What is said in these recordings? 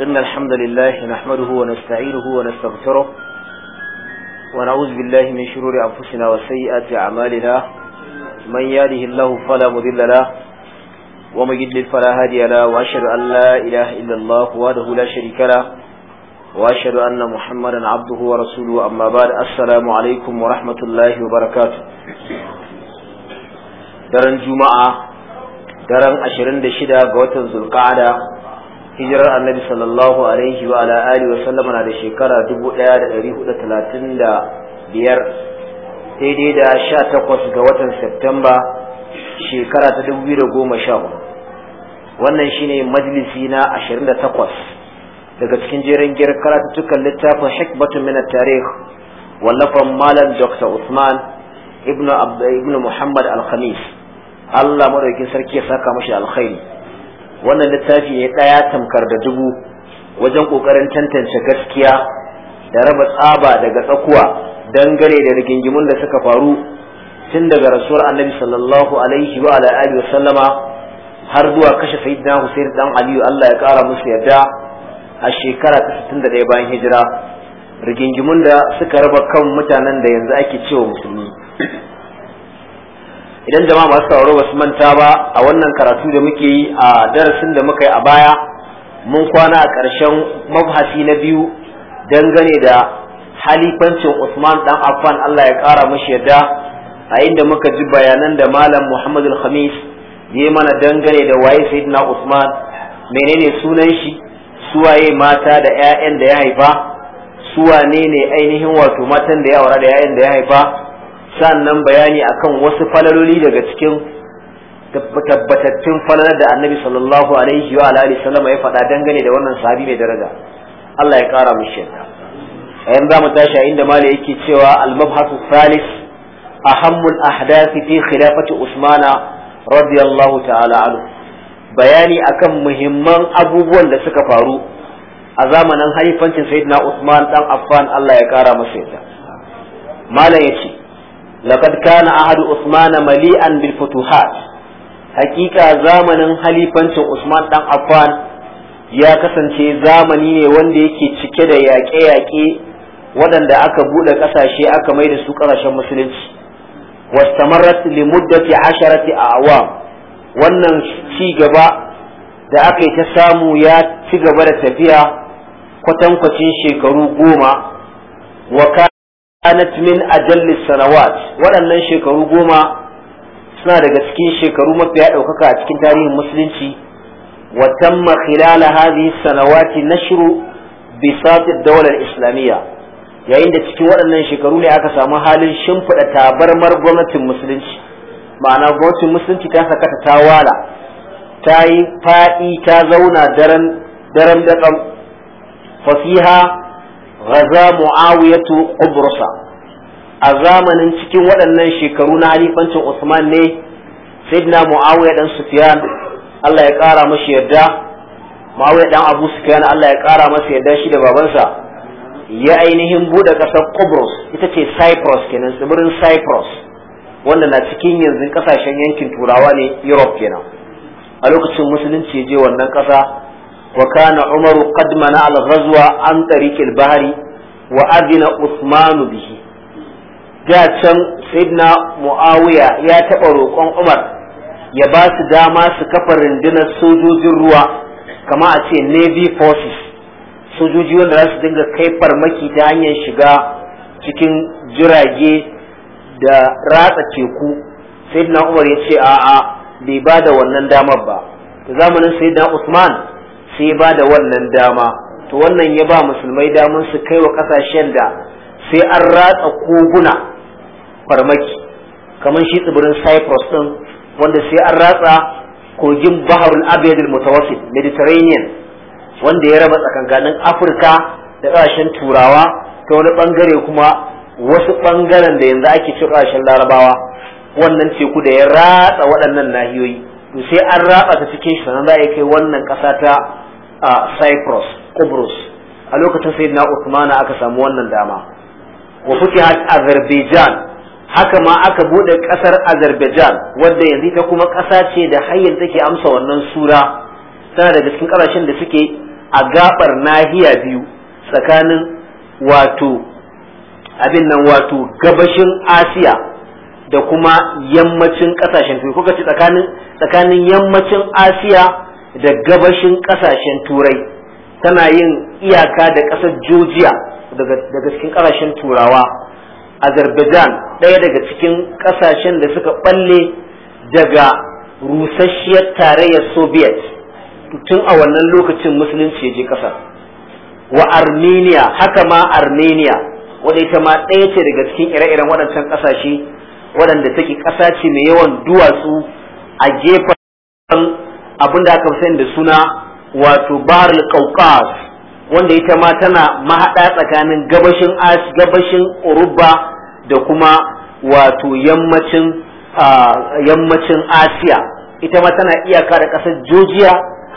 إن الحمد لله نحمده ونستعينه ونستغفره ونعوذ بالله من شرور أنفسنا وسيئات أعمالنا من يهده الله فلا مضل له ومن يضلل فلا هادي له وأشهد أن لا إله إلا الله وحده لا شريك له وأشهد أن محمدا عبده ورسوله أما بعد السلام عليكم ورحمة الله وبركاته daren juma'a daren 26 ga watan zulqa'ada hijirar annabi sallallahu alaihi wa ala alihi wa sallama na da shekara dubu da da dari hudu talatin biyar daidai da sha takwas ga watan Septemba shekara ta dubu biyu da goma sha hudu. wannan shine majalisi na takwas, daga cikin jerin gir karatuttukan littafin hikbatun min at-tarikh wallafan malam Dr. Usman ibn Abd ibn Muhammad al-Khamis Allah madaukakin sarki ya saka mashi alkhairi wannan littafi ne ɗaya tamkar da dubu wajen ƙoƙarin tantance gaskiya da raba tsaba daga tsakuwa dangane da rigingimun da suka faru tun daga rasuwar annabi sallallahu alaihi wa alihi wa sallama har zuwa kashe sayyidina Hussein dan Aliyu Allah ya kara musu yarda a shekara ta 61 bayan hijira rigingimun da suka raba kan mutanen da yanzu ake cewa musulmi idan jama'a masu sauraro ba su manta ba a wannan karatu da muke yi a darasin da muka yi a baya mun kwana a ƙarshen mabhasi na biyu dangane da halifancin Usman dan Affan Allah ya ƙara mashi yadda a inda muka ji bayanan da Malam Muhammad Al-Khamis ya mana dangane da waye Sayyidina Usman menene sunan shi suwaye mata da 'ya'yan da ya haifa suwane ne ainihin wato matan da ya aura da 'ya'yan da ya haifa sannan bayani akan wasu falaloli daga cikin tabbatattun falalar da annabi sallallahu alaihi wa alihi sallama ya faɗa dangane da wannan sahabi mai daraja Allah ya ƙara mishi yarda ayan za mu tashi a inda mali yake cewa al-mabhasu thalith ahammu al fi khilafati usmana radiyallahu ta'ala anhu bayani akan muhimman abubuwan da suka faru a zamanin haifancin sayyidina Usman dan Affan Allah ya ƙara masa yarda malam yace laqad kana ahadu usmana mali'an bil futuhat hakika zamanin halifancin usman dan affan ya kasance zamani ne wanda yake cike da yaƙe-yaƙe waɗanda aka buɗe ƙasashe aka mai da su ƙasashen musulunci wastamarrat li muddati asharati awam wannan ci gaba da aka yi ta samu ya ci gaba da tafiya kwatankwacin shekaru goma wa kanat min ajallis sanawat waɗannan shekaru goma suna daga cikin shekaru mafiya ɗaukaka a cikin tarihin musulunci wa tamma khilala sanawati na bisat ad-dawla islamiyya yayin da cikin waɗannan shekaru ne aka samu halin shimfiɗa tabarmar gwamnatin musulunci ma'ana gwamnatin musulunci ta saka ta tawala ta yi faɗi ta zauna daren daren daƙam Raza mu'awiyatu ubrusa a zamanin cikin waɗannan shekaru na halifancin usman ne sayyidina mu'awiya dan sufyan Allah ya ƙara mashi yarda mu'awiya dan abu sufyan Allah ya ƙara masa yarda shi da babansa ya ainihin buɗe ƙasar Kubrus ita ce Cyprus kenan tsibirin Cyprus wanda na cikin yanzu ƙasashen yankin turawa ne Europe kenan a lokacin musulunci ya je wannan ƙasa وكان عمر قد منع الغزو عن طريق Usmanu وأذن عثمان can جاء Muawiya ya taɓa تبرو Umar ya ba su dama su kafa rundunar sojojin ruwa kama a ce navy forces sojoji wanda za su dinga kai farmaki ta hanyar shiga cikin jirage da ratsa teku sai umar ya ce a'a bai ba da wannan damar ba da zamanin sai usman sai ba da wannan dama to wannan ya ba musulmai damar su kai wa kasashen da sai an ratsa koguna farmaki kamar shi tsibirin cyprus din wanda sai an ratsa kogin baharul abiyad mutawassit mediterranean wanda ya raba tsakankanin afirka da kasashen turawa ta wani bangare kuma wasu bangaren da yanzu ake ci kasashen larabawa wannan teku da ya ratsa waɗannan nahiyoyi to sai an ratsa ta cikin shi sannan za a kai wannan ƙasa ta a Cyprus Kubrus a lokacin sai na Uthmana aka samu wannan dama wa futihat Azerbaijan haka ma aka bude kasar Azerbaijan wadda yanzu ta kuma kasa ce da hayyan take amsa wannan sura tana daga cikin kasashen da suke a gaɓar nahiya biyu tsakanin wato abin nan wato gabashin Asiya da kuma yammacin kasashen kuka ci tsakanin tsakanin yammacin Asiya da gabashin kasashen turai tana yin iyaka da ƙasar georgia daga cikin ƙasashen turawa azerbaijan ɗaya daga cikin ƙasashen da suka ɓalle daga rusasshiyar tarayyar soviet tun a wannan lokacin musulunci ya je ƙasar wa armenia haka ma armenia wadda ita ma ɗaya ce daga cikin ire-iren waɗancan ƙasashe waɗanda take ƙasa ce mai yawan duwatsu a gefen abinda aka fi sani da suna wato baharul kaukas wanda ita ma tana mahaɗa tsakanin gabashin ash gabashin uruba da kuma wato yammacin yammacin asiya ita ma tana iyaka da kasar georgia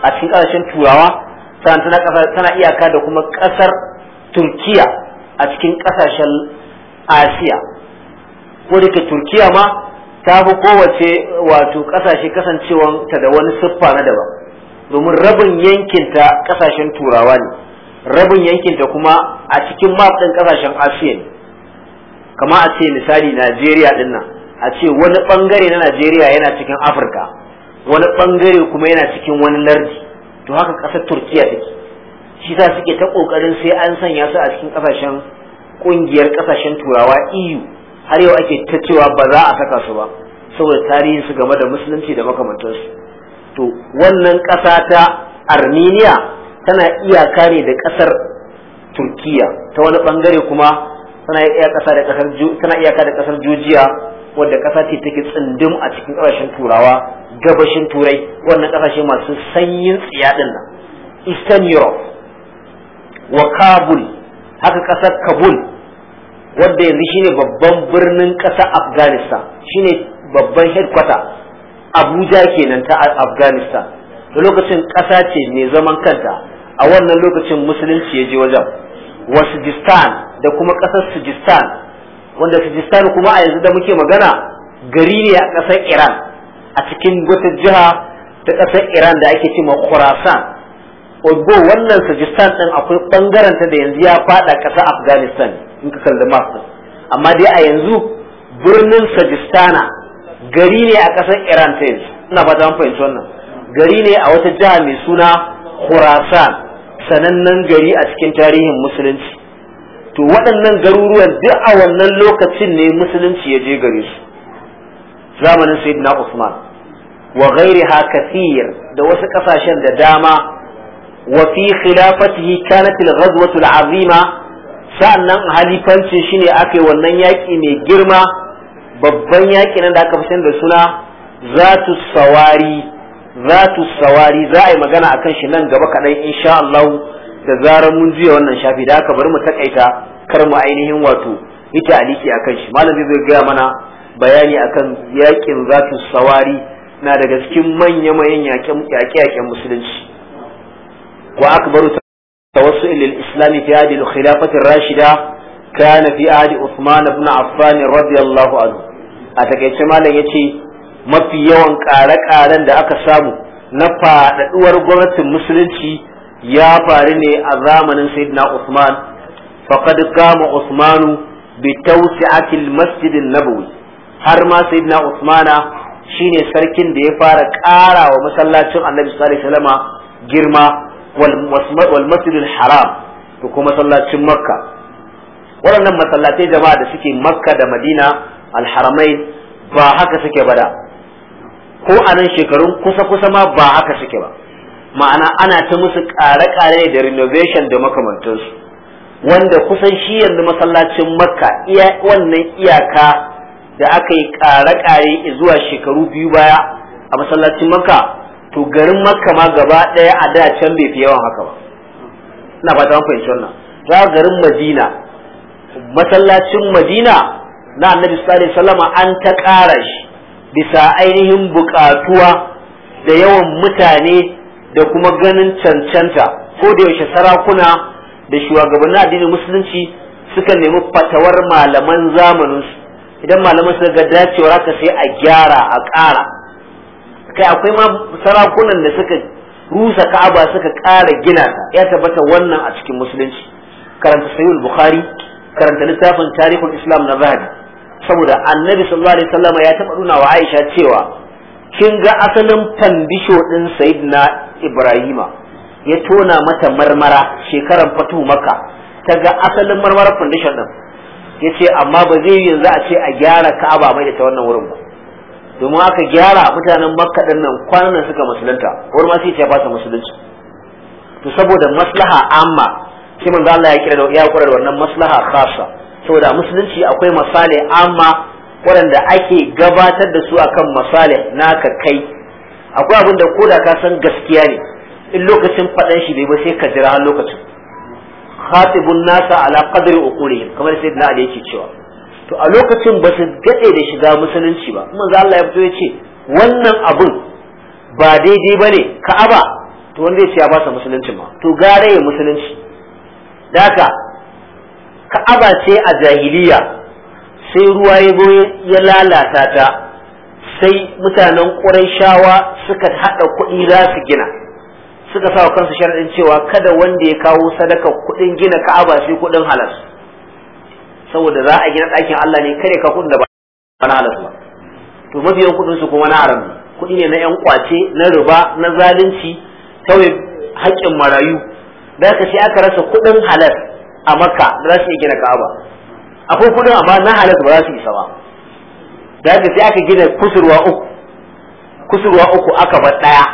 a cikin ƙasashen turawa tana iyaka da kuma ƙasar turkiya a cikin ƙasashen asiya ko da ke turkiya ma ta fi kowace wato kasashe ta da wani siffa na daban domin rabin yankinta kasashen turawa ne rabin yankinta kuma a cikin matsin kasashen asiya ne kama a ce misali najeriya din nan a ce wani bangare na najeriya yana cikin afirka wani bangare kuma yana cikin wani lardi to haka kasar turkiya take shi sa suke ta kokarin sai an sanya su a cikin kasashen kungiyar kasashen turawa eu har yau ake ta cewa ba za a saka su ba saboda tarihin su game da musulunci da makamantansu to wannan ƙasa ta armenia tana iyaka ne da ƙasar turkiya ta wani ɓangare kuma tana iyaka da ƙasar Jojiya wadda ƙasa ce take tsindim a cikin ƙasashen turawa gabashin turai wannan ƙasashe masu sanyin tsiyaɗin nan eastern europe wa kabul haka ƙasar kabul wanda yanzu shine babban birnin ƙasa afghanistan shine babban headquarter abuja kenan ta afghanistan da lokacin ƙasa ce mai zaman kanta a wannan lokacin musulunci ya je wajen wasijistan da kuma ƙasar sijistan wanda sijistan kuma a yanzu da muke magana gari ne a ƙasar iran a cikin wata jiha ta ƙasar iran da ake cewa khurasan Ogbo wannan Sajistan ɗin akwai ɓangaren ta da yanzu ya faɗa ƙasa Afghanistan in ka kalli map ɗin. Amma dai a yanzu birnin Sajistana gari ne a ƙasar Iran ta yanzu. Ina fata an fahimci wannan. Gari ne a wata jiha mai suna Khurasan sanannen gari a cikin tarihin musulunci. To waɗannan garuruwan duk a wannan lokacin ne musulunci ya je gare su. Zamanin Sayyidina Usman. wa ghairiha kathir da wasu ƙasashen da dama وفي خلافته كانت الغزوة العظيمة sa'annan halifancin shi ne aka wannan yaƙi mai girma babban yaƙi nan da aka fi da suna zatu sawari zatu sawari za a yi magana akan shi nan gaba kaɗan insha Allah da zarar mun juya wannan shafi da aka bari mu takaita kar mu ainihin wato yi aliki akan shi malam zai gaya mana bayani akan yaƙin zatu sawari na daga cikin manya-manyan yaƙe-yaƙen musulunci وأكبر توسع للإسلام في هذه الخلافة الراشدة كان في عهد عثمان بن عفان رضي الله عنه أتكيت مالا يتي ما في يوم كارك آلان دا أكسامو نفا نتور قرأت المسلمين يا فارني أذامن سيدنا عثمان فقد قام عثمان بتوسعة المسجد النبوي har ma sayyidina Usmana shine sarkin da ya fara ƙara wa masallacin Annabi sallallahu alaihi wasallama girma wal haram da masallacin makka waɗannan masallatai jama'a da suke makka da madina alharamai ba haka suke ba da ko anan shekarun kusa-kusa ma ba haka suke ba ma'ana ana ta musu ƙare-ƙare da renovation da makamantansu wanda kusan shi yanzu masallacin makka iya wannan iyaka da aka yi ƙare-ƙare zuwa shekaru biyu baya a masallacin makka to garin makka ma gaba ɗaya a da can bai fi yawan haka ba ina fata an fahimci wannan za garin madina masallacin madina na annabi sallallahu alaihi an ta ƙara shi bisa ainihin buƙatuwa da yawan mutane da kuma ganin cancanta ko da yaushe sarakuna da shugabannin addinin musulunci suka nemi fatawar malaman zamaninsu idan malaman suka ga dacewa ka sai a gyara a ƙara kai akwai ma sarakunan da suka rusa ka'aba suka ƙara gina ta ya tabbata wannan a cikin musulunci karanta sayyid bukhari karanta littafin tarihul islam na zahabi saboda annabi sallallahu alaihi wasallam ya taɓa nuna wa aisha cewa kin ga asalin fandisho din sayyidina ibrahima ya tona mata marmara shekaran fatu maka ta ga asalin marmara fandishon din ya ce amma ba zai yanzu a ce a gyara ka'aba mai da ta wannan wurin ba domin aka gyara mutanen makka din nan kwanan suka musulunta wani ma sai ya fasa musulunci to saboda maslaha amma sai manzo Allah ya kira da ya kura da wannan maslaha khassa saboda musulunci akwai masale amma waɗanda ake gabatar da su akan masale naka kai akwai abin da koda ka san gaskiya ne in lokacin faɗan shi bai ba sai ka jira har lokacin khatibun nasa ala qadri uqulihim kamar sai da yake cewa to a lokacin ba su gade da shiga musulunci ba kuma za Allah ya fito ya ce wannan abun ba daidai ba ne ka'aba to wanda ya ce ya basa musulunci ma to gare ya musulunci daka ka'aba ce a jahiliya sai ruwa ya zo ya lalata ta sai mutanen shawa suka haɗa kuɗi za su gina suka sa kansu sharaɗin cewa kada wanda ya kawo sadaka kuɗin gina ka'aba sai kuɗin halas saboda za a gina ɗakin Allah ne kare ka kuɗin da ba na halasu ba to mafiyan kuɗin su kuma na haram kuɗi ne na yan kwace na riba na zalunci kawai haƙƙin marayu da ka sai aka rasa kuɗin halal a makka da za su iya gina ka'aba akwai kuɗin amma na halal ba za su isa ba da ka sai aka gina kusurwa uku kusurwa uku aka bar ɗaya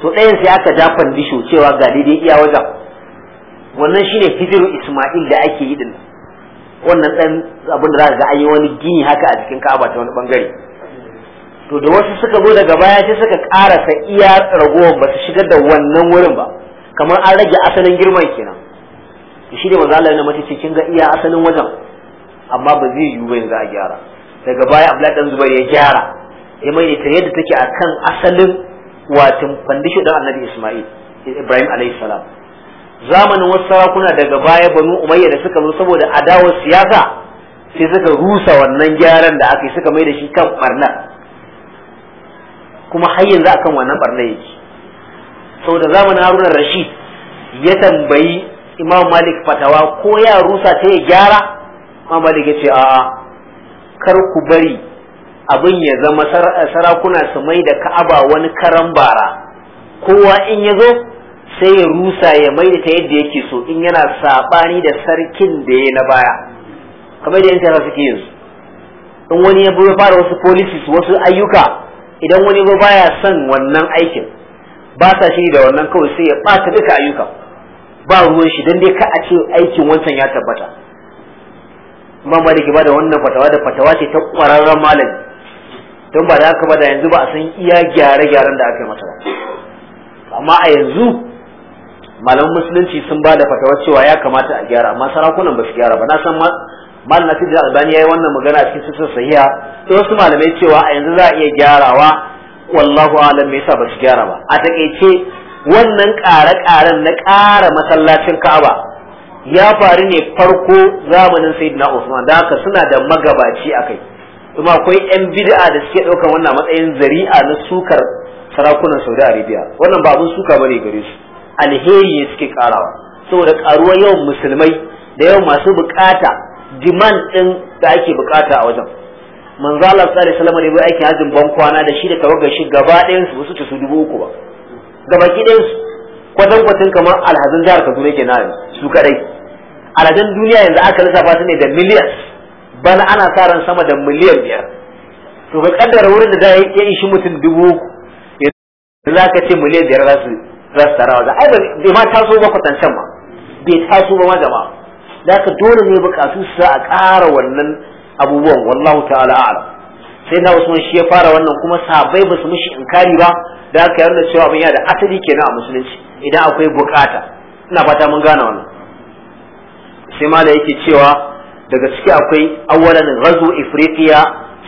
to ɗayan sai aka da fandisho cewa ga daidai iya wajen wannan shine hijiru isma'il da ake yi din wannan dan abin da za ga an yi wani gini haka a cikin Ka'aba ta wani bangare to da wasu suka zo daga baya sai suka karasa iya ragowar ba su shigar da wannan wurin ba kamar an rage asalin girman kenan shi ne manzo Allah ya mace kin ga iya asalin wajen amma ba zai yiwu ba yanzu a gyara daga baya Abdullahi dan Zubair ya gyara ya mai ta yadda take akan asalin watin fandisho dan Annabi Isma'il Ibrahim alayhi salam zamanin wasu sarakuna daga baya banu umayya da suka zo saboda adawar siyasa sai suka rusa wannan gyaran da aka yi suka mai da shi kan barnar kuma har yanzu akan wannan barnar yake saboda zamanin haruna rashid ya tambayi imam malik fatawa ko ya rusa ta ya gyara imam malik ya ce a'a kar ku bari abin ya zama sarakuna su mai da ka'aba wani karan bara kowa in ya zo sai ya rusa ya maida ta yadda yake so in yana sabani da sarkin da ya na baya kamar da yanta suke yanzu in wani ya fara wasu policies wasu ayyuka idan wani ba baya son wannan aikin ba sa shi da wannan kawai sai ya bata duka ayyuka ba ruwan shi dan dai ka a ce aikin wancan ya tabbata imam maliki ba da wannan fatawa da fatawa ce ta kwararren malami don ba da haka ba da yanzu ba a san iya gyare-gyaren da aka yi masa amma a yanzu malaman musulunci sun ba da fatawa cewa ya kamata a gyara amma sarakunan ba su gyara ba na san mal na tijjar albani ya yi wannan magana a cikin sisar sahiya to wasu malamai cewa a yanzu za a iya gyarawa wallahu alam me yasa ba su gyara ba a takaice wannan ƙare-ƙaren na ƙara masallacin ka'aba ya faru ne farko zamanin sayyidina usman da haka suna da magabaci a kai kuma akwai yan bid'a da suke ɗaukar wannan matsayin zari'a na sukar sarakunan saudi arabia wannan ba abin suka bane gare su alheri ne suke karawa saboda karuwar yawan musulmai da yawan masu bukata jiman din da ake bukata a wajen manzo Allah sallallahu alaihi wasallam da aikin hajjin ban kwana da shi da tawagar shi gaba ɗayan su su su dubu uku ba gaba ɗayan su kwatan kwatan kamar alhazan jihar Kaduna ke nan su kadai alhazin duniya yanzu aka lissafa su ne da miliyan bana ana sa ran sama da miliyan biyar to ka kaddara wurin da za ya ishi mutum dubu uku yanzu za ka ce miliyan biyar za su rassarawa za a bai ma taso ba kwatancan ba bai taso ba ma jama'a da haka dole ne bukatu su a ƙara wannan abubuwan wallahu ta'ala sai na usman shi ya fara wannan kuma sabai ba su mishi inkari ba da haka yarda cewa abin yana da asali kenan a musulunci idan akwai bukata ina fata mun gane wannan sai ma da yake cewa daga ciki akwai awwalan razu ifriqiya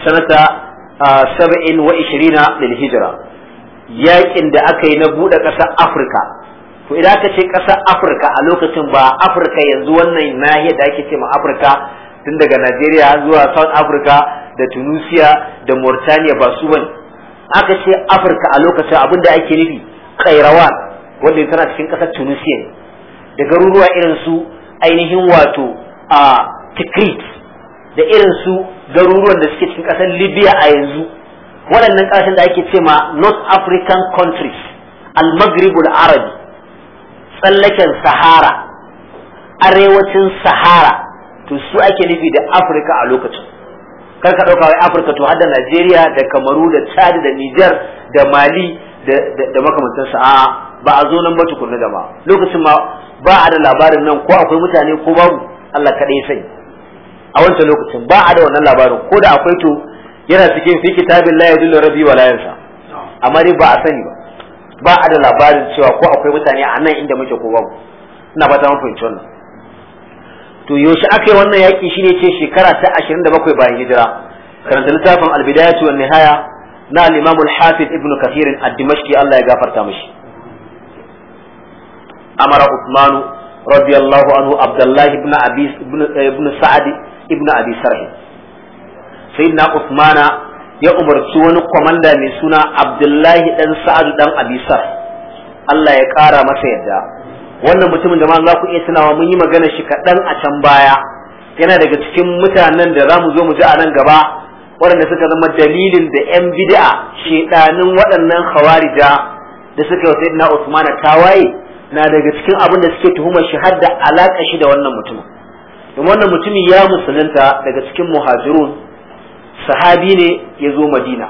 sanata 27 ah, lil hijra yakin da aka yi na buɗe ƙasar Afirka to idan aka ce ƙasar Afirka a lokacin ba Afirka yanzu wannan nahiyar da ake ce ma Afirka tun daga Najeriya zuwa South Africa da Tunisia da Mauritania ba su bane aka ce Afirka a lokacin abin da ake nufi Kairawan wanda tana cikin ƙasar Tunisia da garuruwa irin su ainihin wato a Tikrit da irin su garuruwan da suke cikin ƙasar Libya a yanzu waɗannan ƙasashen da ake ce ma North African countries al al Arabi tsallaken Sahara arewacin Sahara to su ake nufi da Afirka a lokacin kar ka ɗauka wai Afirka to hadda Najeriya da Kamaru da Chad da Niger da Mali da makamantansa a ba a zo nan ba tukunna ba, lokacin ma ba a da labarin nan ko akwai mutane ko babu Allah kaɗai sani a wancan lokacin ba a da wannan labarin ko da akwai to yana cikin fi kitabin la yadullu rabbi wala yansa amma dai ba a sani ba ba a da labarin cewa ko akwai mutane a nan inda muke ko babu ina fata mun fahimci wannan to yaushe aka yi wannan yaki shine ce shekara ta 27 bayan hijira karanta littafin al-bidayatu wan nihaya na al-imam al-hafiz ibnu kathir ad-dimashqi Allah ya gafarta mishi amara usmanu radiyallahu anhu abdullahi ibn Abi ibn eh, Sa'd ibn Abi Sarh sayyidina usmana ya umarci wani kwamanda mai suna abdullahi dan sa'adu dan abisar Allah ya kara masa yadda wannan mutumin da ma za ku iya tunawa mun yi magana shi kaɗan a can baya yana daga cikin mutanen da za mu zo mu ji a nan gaba waɗanda suka zama dalilin da 'yan bid'a shedanin waɗannan khawarija da suka yi sayyidina Usman waye na daga cikin abin da suke tuhumar shi har da alaka shi da wannan mutumin don wannan mutumin ya musulunta daga cikin muhajirun sahabi ne ya zo madina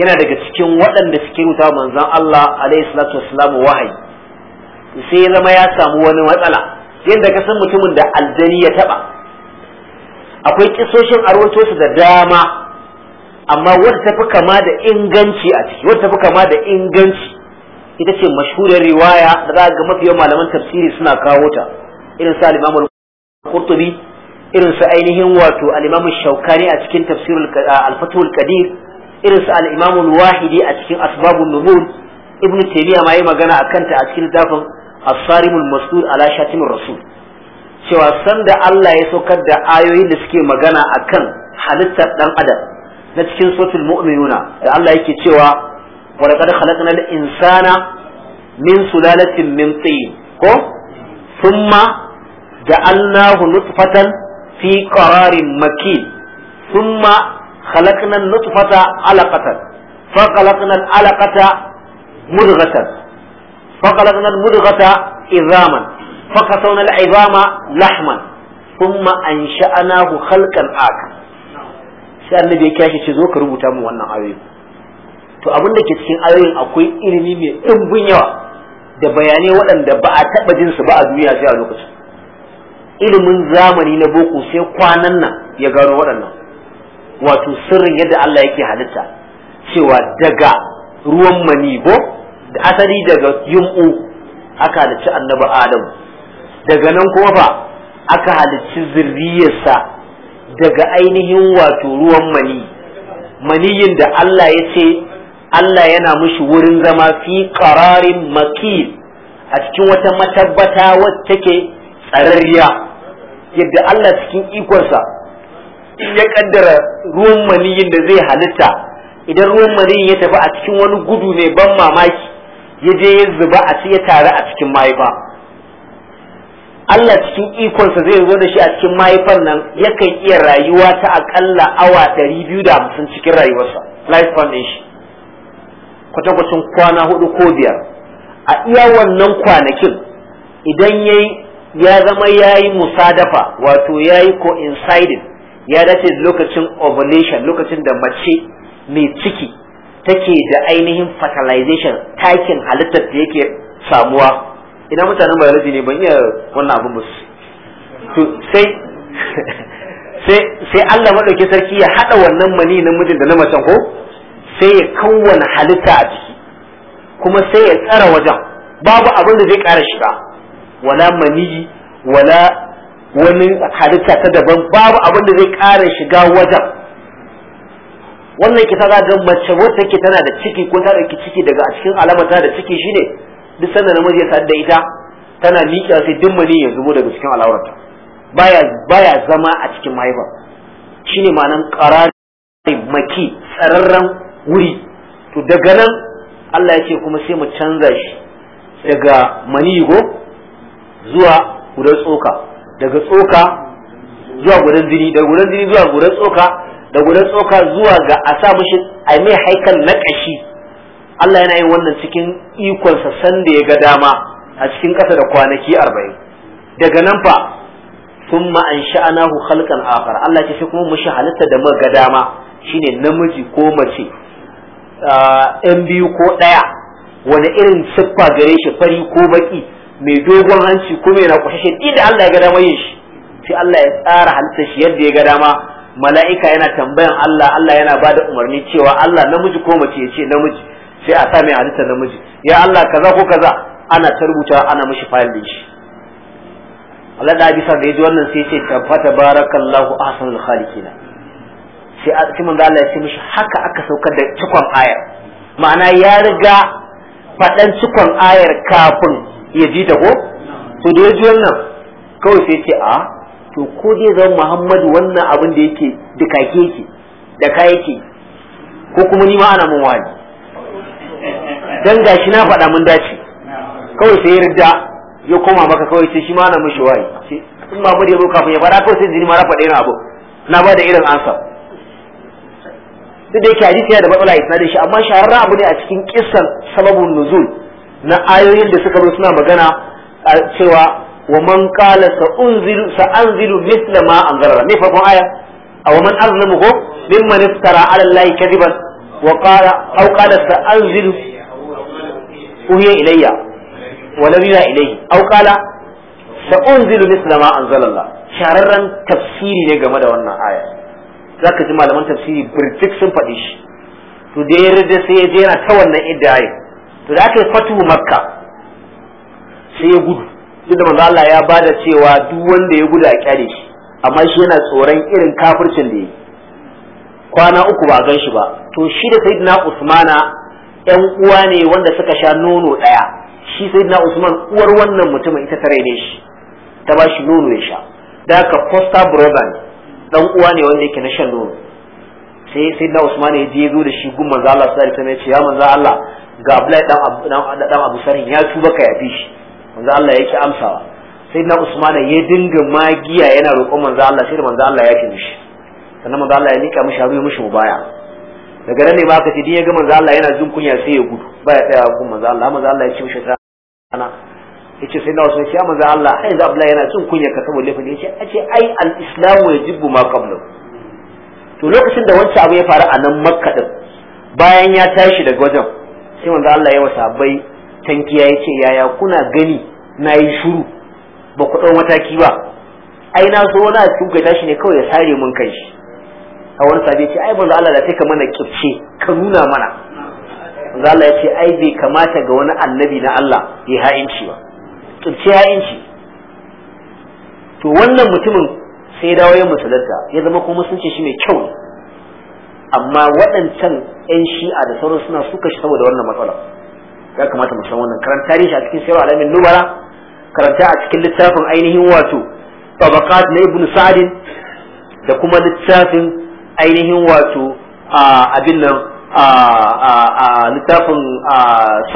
yana daga cikin waɗanda suke ruta manzon Allah alaihi salatu wahayi sai ya zama ya samu wani matsala yadda ka san mutumin da aljani ya taba akwai kisoshin arwato su da dama amma wadda tafi kama da inganci a ciki wadda tafi kama da inganci ita ce mashhurar riwaya da za a ga mafiyan malaman tafsiri suna kawo ta irin sa al-Imam irin su ainihin wato al-Imam a cikin tafsirul al-Fathul Qadir irin su al wahidi a cikin Asbabun Nuzul ibnu Taymiyyah ma yi magana akan ta a cikin littafin As-Sarim al ala Shatim rasul cewa sanda Allah ya saukar da ayoyin da suke magana akan halittar dan adam na cikin suratul mu'minuna da Allah yake cewa wa laqad khalaqnal insana min sulalatin min tin ko thumma ja'alnahu nutfatan fi qararin makin thumma khalaqna an-nutfata alaqatan fa khalaqna al-alaqata mudghatan fa khalaqna al-mudghata idhaman fa kasawna sai annabi ya kashi ce zo ka rubuta mu wannan ayoyi to abin da ke cikin ayoyin akwai ilimi mai ɗimbin yawa da bayanai waɗanda ba a taɓa jin su ba a duniya sai a lokacin ilimin zamani na boko sai kwanan nan ya gano waɗannan wato sirrin yadda Allah yake halitta cewa daga ruwan manibo da asali daga yum'u aka halicci annabi adam daga nan kuma ba aka halicci zirriyarsa daga ainihin wato ruwan mani maniyin da Allah ya ce Allah yana mushi wurin zama fi ƙararin makil a cikin wata matabbata wacce take tsararriya yadda Allah cikin ikonsa ya kaddara ruwan maniyin da zai halitta idan ruwan maniyin ya tafi a cikin wani gudu ne ban mamaki ya je ya zuba a ya tare a cikin mahaifa Allah cikin ikonsa zai zo da shi a cikin mahaifan nan yakan iya rayuwa ta akalla awa 250 cikin rayuwarsa life span din shi kwata-kwacin kwana hudu ko biyar a iya wannan kwanakin idan ya yi ya zama ya yi musadafa wato ya yi coinciding ya dace lokacin ovulation lokacin da mace mai ciki take da ainihin fertilization takin halittar da yake samuwa ina mutanen biology ne ban iya wannan abin ba to sai sai Allah madauki sarki ya haɗa wannan mani na da na macen ko sai ya kawwana halitta a ciki kuma sai ya tsara wajen babu abin da zai ƙara shiga wala maniyi wala wani halitta ta daban babu abin da zai ƙara shiga wajen wannan kisa za ga mace wata take tana da ciki ko ta dauki ciki daga a cikin alama tana da ciki shine duk sanda namiji ya da ita tana miƙa sai duk mani ya zubo daga cikin al'aurata. baya baya zama a cikin mahaifa shine ma'anan qarari maki tsararren wuri to daga nan Allah ya ce kuma sai mu canza shi daga mani go zuwa gudan tsoka daga tsoka zuwa gudan zini daga gudan zini zuwa gudan tsoka da gudan tsoka zuwa ga a sa mushi a mai haikal na ƙashi Allah yana yin wannan cikin ikonsa da ya ga dama a cikin ƙasa da kwanaki arba'in daga nan fa sun ma'anshi sha'anahu halkan akar Allah ce sai kuma shi halitta da maga dama shine namiji ko mace ah, yan biyu ko ɗaya wani irin siffa gare shi fari ko baki mai dogon hanci ko mai nakwashe da Allah ya ga dama yin shi sai Allah ya tsara halittar shi yadda ya ga dama mala'ika yana tambayan Allah Allah yana ba da umarni cewa Allah namiji ko mace ya ce namiji sai a sa mai halittar namiji ya Allah kaza ko kaza ana ta rubuta ana mishi fayil din shi Allah da bisa da yaji wannan sai ya ce tabbata barakallahu ahsanul khaliqina sai sai manzo Allah ya ce mishi haka aka saukar da cikon ayar ma'ana ya riga faɗan cikon ayar kafin iya ji ta ko to da ji wannan kawai sai ce a ah, to ko dai zama muhammadu wannan abin da yake duka yake da ka yake ko kuma ni ma ana mun wani dan gashi na faɗa mun dace kawai sai ya ya koma maka kawai sai shi ma ana mishi wani in Muhammadu ya zo kafin ya fara? kawai sai ni ma na faɗa irin abu na ba da irin ansa duk da yake hadisi yana da matsala isnadin shi amma shahararren abu ne a cikin kissan sababun nuzul na ayoyin da suka zo suna magana cewa wa man qala sa unzilu sa anzilu mithla ma anzara me farkon aya aw man azlamu ko mimman iftara ala allahi kadiban wa qala aw qala sa anzilu uhiya ilayya wa nabira ilayhi aw qala sa unzilu mithla ma anzala allah shararran tafsiri ne game da wannan aya zaka ji malaman tafsiri birtik sun faɗi shi to da yarda sai ya je yana ta wannan idda to da aka yi fatu makka sai ya gudu inda manzo Allah ya bada cewa duk wanda ya gudu a kyare shi amma shi yana tsoron irin kafircin da yake kwana uku ba gan shi ba to shi da sayyidina Usmana yan uwa ne wanda suka sha nono daya shi sayyidina Usman uwar wannan mutumin ita tare ne shi ta ba shi nono ya sha da ka foster brother dan uwa ne wanda yake na shan nono sai sai na Usman ya je zo da shi gun manzo Allah sai ta wasallam ya ce ya manzo Allah ga Abdullahi dan dan Abu Sarin ya tuba ka yafi shi manzo Allah yake amsawa sai na Usman ya dinga magiya yana roƙon manzo Allah sai manzo Allah ya kiyi shi sannan manzo Allah ya nika mishi haru ya mishi mubaya daga nan ne ba ka ce din ya ga manzo Allah yana jin kunya sai ya gudu ba ya tsaya gun manzo Allah manzo Allah ya ce mishi ana yace sai na Usman ya manzo Allah ai da Abdullahi yana jin kunya ka saboda laifin yace ai al-islamu yajibu ma qablahu to lokacin da wancan abu ya faru a nan makka din bayan ya tashi daga wajen sai manzo Allah ya wasa bai tankiya ya ce yaya kuna gani na yi shuru ba ku ɗau mataki ba ai na so wani a ga tashi ne kawai ya sare mun kai shi a wani sabi ce ai manzo Allah da sai ka mana kirce ka nuna mana manzo Allah ya ce ai bai kamata ga wani annabi na Allah ya ha'inci ba kirce ha'inci to wannan mutumin sai dawo ya musulunta ya zama kuma musulunci shi mai kyau amma waɗancan 'yan shi'a da sauran suna suka shi saboda wannan matsala ya kamata mu san wannan karanta shi a cikin sayarwa alamin nubara karanta a cikin littafin ainihin wato tabaqat na Ibn Sa'adin da kuma littafin ainihin wato abin nan littafin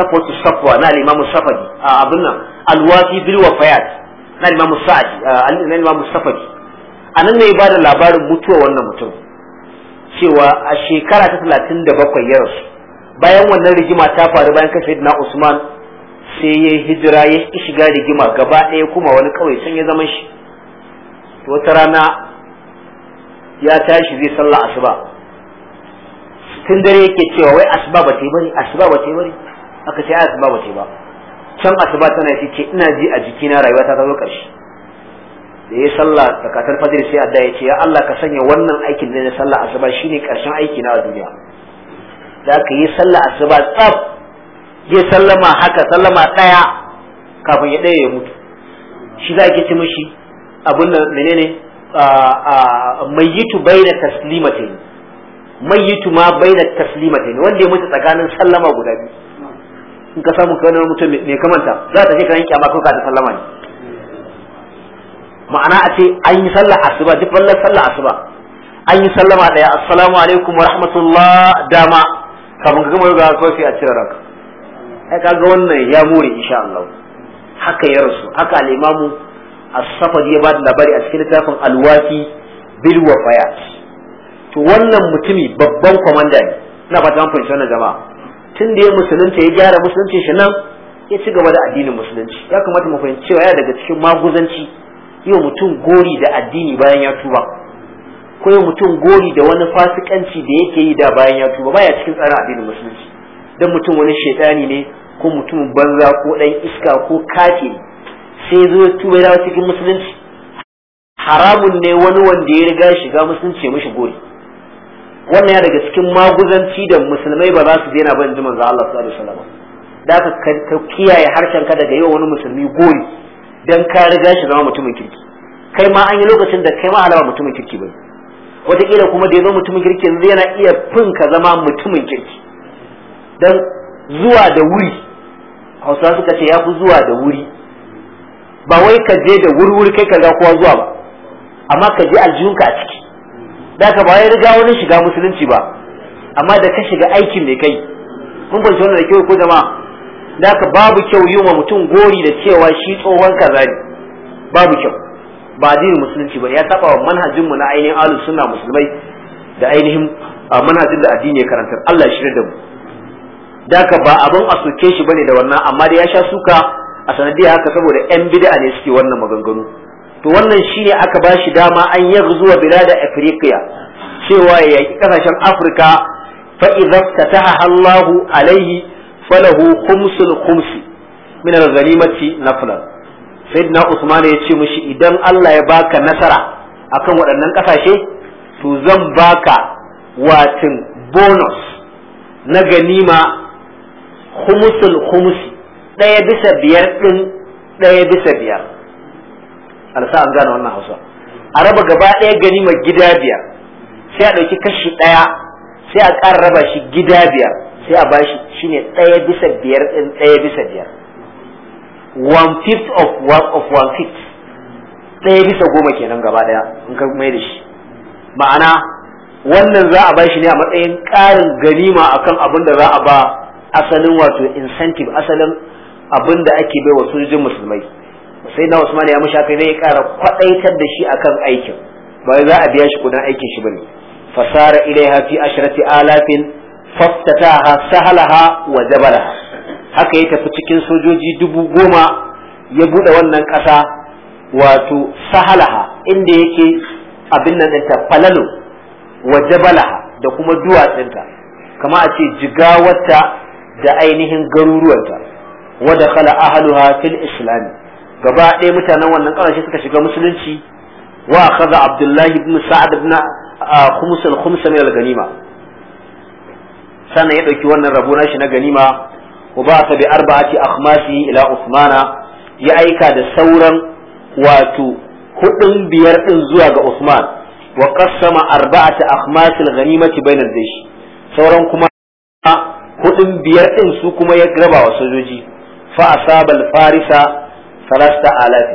safwatu safwa na al-imam safadi abin nan al-wafi bil wafayat na al-imam sa'd na al-imam safadi A anan ne ba da labarin mutuwa wannan mutum cewa a shekara ta talatin da bakwai ya rasu bayan wannan rigima ta faru bayan kashe na usman sai ya hijira ya shiga rigima gaba ɗaya kuma wani kawai sun ya zama shi wata rana ya tashi zai sallah asuba tun dare yake cewa wai asuba ba ta yi bari asuba ba ta yi bari aka ce asuba ba ta yi ba can asuba tana ce ina ji a jikina rayuwa ta zo ƙarshe da ya sallah katar fajr sai adda ya ce ya Allah ka sanya wannan aikin da ya sallah asuba shine karshen aiki na a duniya da ka yi sallah asuba tsaf ya sallama haka sallama daya kafin ya daya ya mutu shi za ki ci mishi abun nan menene mayyitu baina taslimatain mayyitu ma baina taslimatain wanda ya mutu tsakanin sallama guda biyu in ka samu kai wani mutum mai kamanta za ta je ka yanke amma ko ka ta sallama ne ma'ana a ce an yi sallah asuba duk wallar sallah asuba an yi sallama daya assalamu alaikum wa rahmatullah dama kafin ka gama yoga kawai sai a cire raka ai kaga wannan ya more insha Allah haka ya rasu haka al-imamu as-safadi ya bada labari a cikin littafin al-wafi bil wafayat to wannan mutumi babban komanda ne ina an fahimci wannan jama'a tun da ya musulunta ya gyara musulunci shi nan ya ci gaba da addinin musulunci ya kamata mu fahimci cewa yana daga cikin maguzanci yau mutum gori da addini bayan ya tuba ko yau mutum gori da wani fasikanci da yake yi da bayan ya tuba baya cikin tsarin addinin musulunci dan mutum wani shaitani ne ko mutumin banza ko dan iska ko kafi sai zo tuba da cikin musulunci haramun ne wani wanda ya riga shiga musulunci mishi gori wannan ya daga cikin maguzanci da musulmai ba za su daina ba jiman za, manzo Allah sallallahu alaihi wasallam da ka kiyaye harshen ka daga yau wani musulmi gori dan ka riga shi zama mutumin kirki kai ma an yi lokacin da kai ma alama mutumin kirki bai wataƙila kuma da ya zo mutumin kirki yanzu yana iya fin ka zama mutumin kirki dan zuwa da wuri hausawa suka ce ya fi zuwa da wuri ba wai ka je da wurwuri kai ka ga kowa zuwa ba amma ka je aljihunka a ciki da ka ba riga wani shiga musulunci ba amma da ka shiga aikin ne kai mun kwanci wannan da kyau ko jama'a da babu kyau yi wa mutum gori da cewa shi tsohon kaza ne babu kyau ba addinin musulunci ba ya taba wa manhajin na ainihin alu suna musulmai da ainihin manhajin da addini ya karantar Allah shirya da mu da ba abin a soke shi bane da wannan amma da ya sha suka a sanadiyar haka saboda yan bid'a ne suke wannan maganganu to wannan shine aka ba shi dama an yi zuwa da afirikiya cewa ya yaki kasashen afirka fa idza fataha Allahu alaihi falahu khumsul khumsi min al-ghanimati naflan sayyidina usman ya ce mishi idan Allah ya baka nasara akan waɗannan ƙasashe to zan baka watin bonus na ganima khumsul khumsi ɗaya bisa biyar ɗin ɗaya bisa biyar alsa an gane wannan hausa a raba gaba ɗaya ganimar gida biyar sai a ɗauki kashi ɗaya sai a ƙara raba shi gida biyar sai a bashi shine ɗaya bisa biyar ɗin ɗaya bisa biyar one fifth of one of one fifth ɗaya bisa goma kenan gaba ɗaya in ka mai da shi ma'ana wannan za a bashi ne a matsayin ƙarin ganima akan abin da za a ba asalin wato incentive asalin abin da ake bai wa sojojin musulmai sai na usman ya mashi haka ne ya ƙara kwaɗaitar da shi akan aikin ba za a biya shi kudin aikin shi bane fasara ilaiha fi ashrati alafin faftataha sahalaha wa haka ya tafi cikin sojoji dubu goma ya buɗe wannan ƙasa wato sahalaha inda yake abin nan ɗinta falalo wa jabalaha da kuma duwatsinta kama a ce jigawarta da ainihin garuruwanta wadda kala ahaluha fil islami gaba ɗaya mutanen wannan ƙasashe suka shiga musulunci wa kaza abdullahi ibn sa'ad ibn ah, khums al al-ganima sannan ya ɗauki wannan rabo nashi na ganima wa ba ta bi arba'ati akhmasi ila usmana ya aika da sauran wato hudun biyar din zuwa ga usman wa qassama arba'ata akhmasi al-ghanimati bainar jaysh sauran kuma hudun biyar din su kuma ya raba wa sojoji fa asaba al-farisa salasta alaf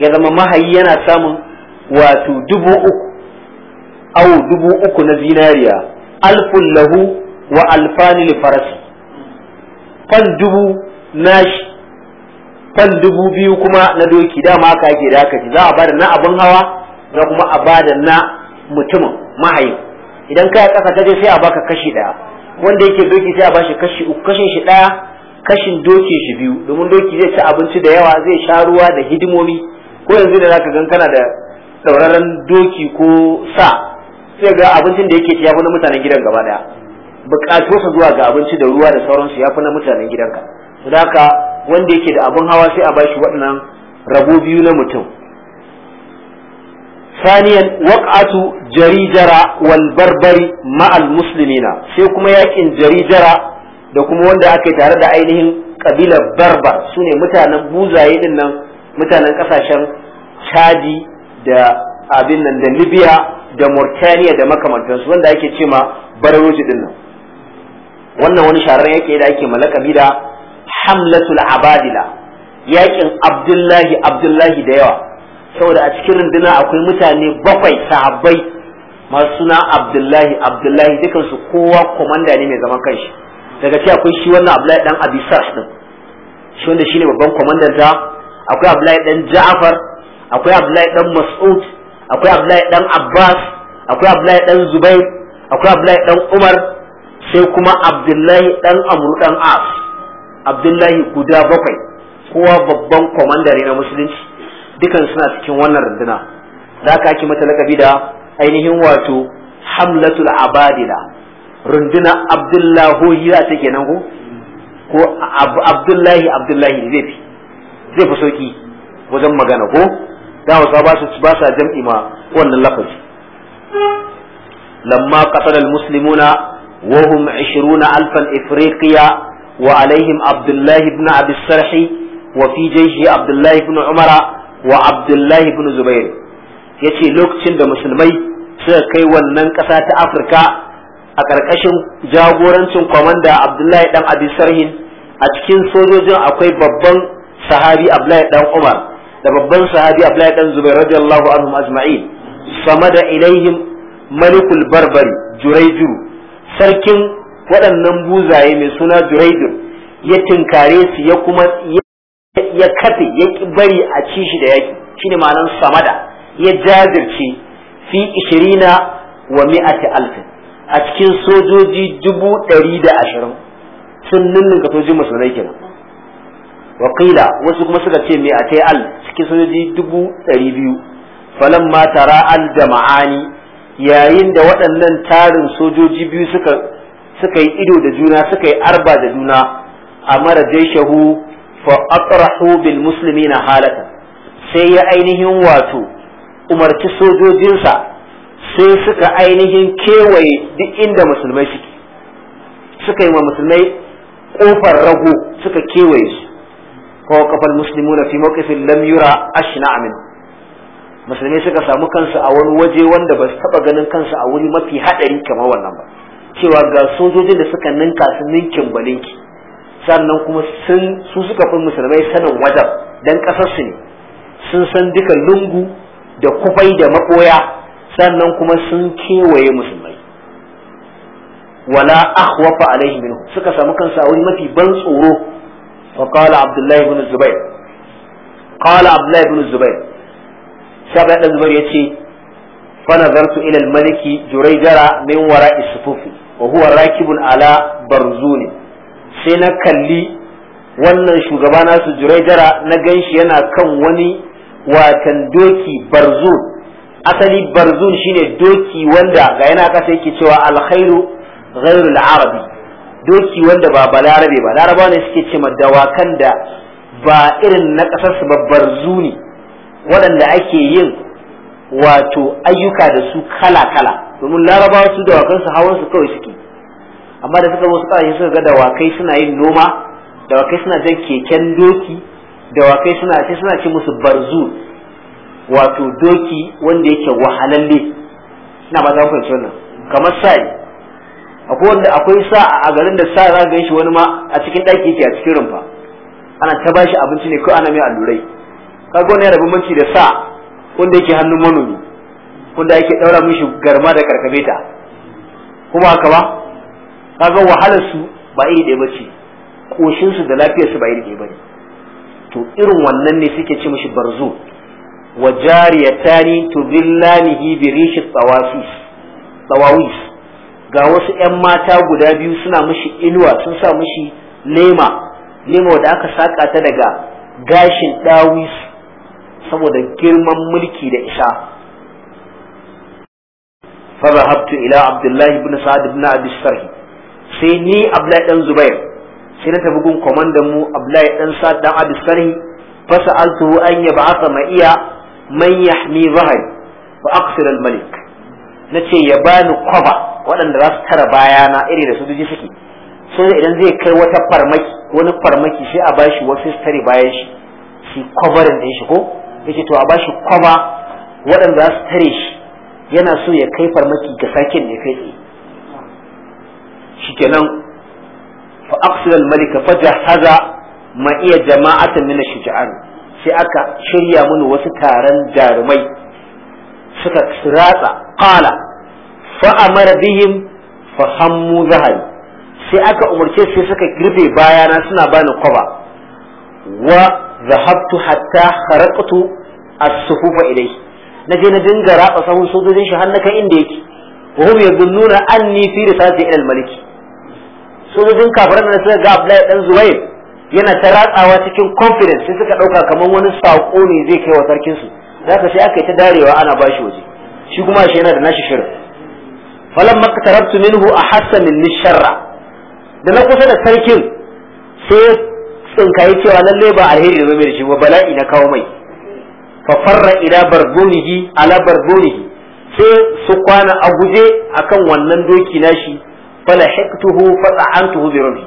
ya zama mahayi yana samun wato dubu uku au dubu uku na zinariya alfun lahu wa alfani li farasi fan dubu nashi fan dubu biyu kuma na doki dama aka yake da ji za a bada na abin hawa na kuma a bada na mutumin mahayi idan kai kasa ta je sai a baka kashi daya wanda yake doki sai a bashi kashi uku kashin shi daya kashin doki shi biyu domin doki zai ci abinci da yawa zai sha ruwa da hidimomi ko yanzu da zaka gan kana da sauraron doki ko sa sai ga abincin da yake ci ya na mutanen gidan gaba daya Bukatu su zuwa ga abinci da ruwa da sauransu ya fi na mutanen gidanka don haka wanda yake da abin hawa sai a bashi waɗannan rabo biyu na mutum Saniyan ثانيا وقعة جريجرة والبربري ma'al musulmina sai kuma yakin jarijara da kuma wanda ake tare da ainihin ƙabilar barba su ne mutanen buzaye din nan mutanen ƙasashen chadi da abin nan da libya da mauritania da makamantansu wanda ake ce ma bararoji din nan wannan wani sharar yake da ake malakabi da hamlatul abadila yakin abdullahi abdullahi da yawa saboda a cikin runduna akwai mutane bakwai sahabbai masu suna abdullahi abdullahi dukansu kowa komanda ne mai zaman kanshi daga ce akwai shi wannan abdullahi dan abisar din shi wanda shine babban komandan ta akwai abdullahi dan ja'far akwai abdullahi dan mas'ud akwai abdullahi dan abbas akwai abdullahi dan zubair akwai abdullahi dan umar sai kuma abdullahi ɗan amru dan as abdullahi guda bakwai kowa babban kwamandare na musulunci dukan suna cikin wannan runduna da aka ake mata lakabi da ainihin wato hamlatul abadila runduna abdullahi za ta kenan ko ko abdullahi abdullahi zai fi zai fi sauki wajen magana ko da wasa ba su ba sa jam'i ma wannan lafazi lamma qatala almuslimuna وهم عشرون alfan إفريقيا wa عبد الله بن أبي السرح وفي جيشه عبد الله بن عمر وعبد الله بن زبير يتي لوكتين دا مسلمي suka kai wannan ƙasa ta Afirka a ƙarƙashin jagorancin kwamanda Abdullahi dan Abi Sarhin a cikin sojojin akwai babban sahabi Abdullahi dan Umar da babban sahabi Abdullahi dan Zubair radiyallahu anhum ajma'in sama da ilaihim malikul barbari juraijuru sarkin waɗannan buzaye mai suna juraidur ya tinkare su ya kuma ya kafe ya bari a ci shi da yaki shine ma'anar samada ya jajirce fi ishirina wa mi'ati alfin a cikin sojoji dubu ɗari da ashirin sun ninninka sojin musulmai kenan wakila wasu kuma suka ce mi'atai al cikin sojoji dubu ɗari biyu falan ma tara al jama'ani yayin da waɗannan tarin sojoji biyu suka suka yi ido da juna suka yi arba da juna a mara jaishahu fa aqrahu bil muslimina halata sai ya ainihin wato umarci sojojinsa sai suka ainihin kewaye duk inda musulmai suke suka yi wa musulmai kofar rago suka kewaye su kawo kafal muslimuna fi mawqifin lam yura ashna Musulmi suka samu kansu a wani waje wanda ba su taba ganin kansu a wuri mafi haɗari kamar wannan ba cewa ga sojojin da suka ninka su ninkin balinki sannan kuma sun su suka fi musulmai sanin wajen dan kasar su ne sun san duka lungu da kufai da maboya sannan kuma sun kewaye musulmai wala akhwafa alaihi minhu suka samu kansu a wuri mafi ban tsoro fa qala abdullahi ibn zubair qala abdullahi ibn zubair shafi ɗan zubar ya ce fanazartu ila maliki juraijara min wara isufufi wa rakibun ala ne. sai na kalli wannan shugaba nasu juraijara na ganshi yana kan wani watan doki barzun asali barzun shine doki wanda ga yana kasa yake cewa alkhairu ghairul arabi doki wanda ba balarabe ba laraba ne suke ce dawakan da ba irin na kasar su ba barzuni waɗanda ake yin wato ayyuka da su kala-kala domin larabawa su da su hawan su kawai suke amma da suka wasu ƙasashe suka ga da wakai suna yin noma da wakai suna jan keken doki da wakai suna sai suna ce musu barzu wato doki wanda yake wahalalle ina ba za ku ce wannan kamar sa'i akwai wanda akwai sa a garin da sa za ga shi wani ma a cikin daki yake a cikin rumfa ana ta bashi abinci ne ko ana mai allurai kaga ne yana bambanci da sa wanda yake hannun manomi wanda yake daura mishi garma da karkabe ta kuma haka ba kaga wahalar su ba iri ɗaya bace koshin su da lafiyar su ba iri ɗaya bane to irin wannan ne suke ce mishi barzo. wa jariyatani tudillanihi bi rishi tawasis tsawawis ga wasu ƴan mata guda biyu suna mishi inuwa sun sa mishi lema lema da aka saka ta daga gashin dawis saboda girman mulki da isa fa ila abdullahi ibn sa'ad ibn abi sarhi sai ni abdullahi dan zubair sai na tafi gun komandan mu abdullahi dan sa'ad dan abi sarhi fa sa'altuhu an yab'atha ma'iya man yahmi zahari fa aqsir al malik nace ya bani kwaba waɗanda za su tara bayana iri da su duji suke sai idan zai kai wata farmaki wani farmaki sai a bashi wasu tare bayan shi shi kwabarin din shi ko yace to a bashi kwaba waɗanda za su tare shi yana so ya kai farmaki ga sakin ne kai tsaye shikenan fa aqsala al-malika fajahaza ma iya jama'atan min shi shujaan sai aka shirya mini wasu taron jarumai suka ratsa qala fa mara bihim fa hammu zahari sai aka umarce sai suka girbe bayana suna bani kwaba wa zahabtu hatta kharaqtu as-sufufa ilayhi naje na dinga ratsa sahun sojojin shi har inda yake wa hum yadhunnuna anni fi da ila al-malik sojojin kafiran da suka ga Abdullahi dan Zubair yana ta ratsawa cikin confidence sai suka dauka kamar wani sako ne zai kai wa sarkin su zaka sai aka yi ta darewa ana bashi waje shi kuma shi yana da nashi shirin falan maktarabtu minhu ahassa min sharra da na kusa da sarkin sai yi cewa lalle ba alheri da zo mai da shi ba bala'i na kawo mai fa farra ila barbunihi ala barbunihi sai su kwana a guje akan wannan doki nashi fala hiktuhu fa ta'antuhu bi rubi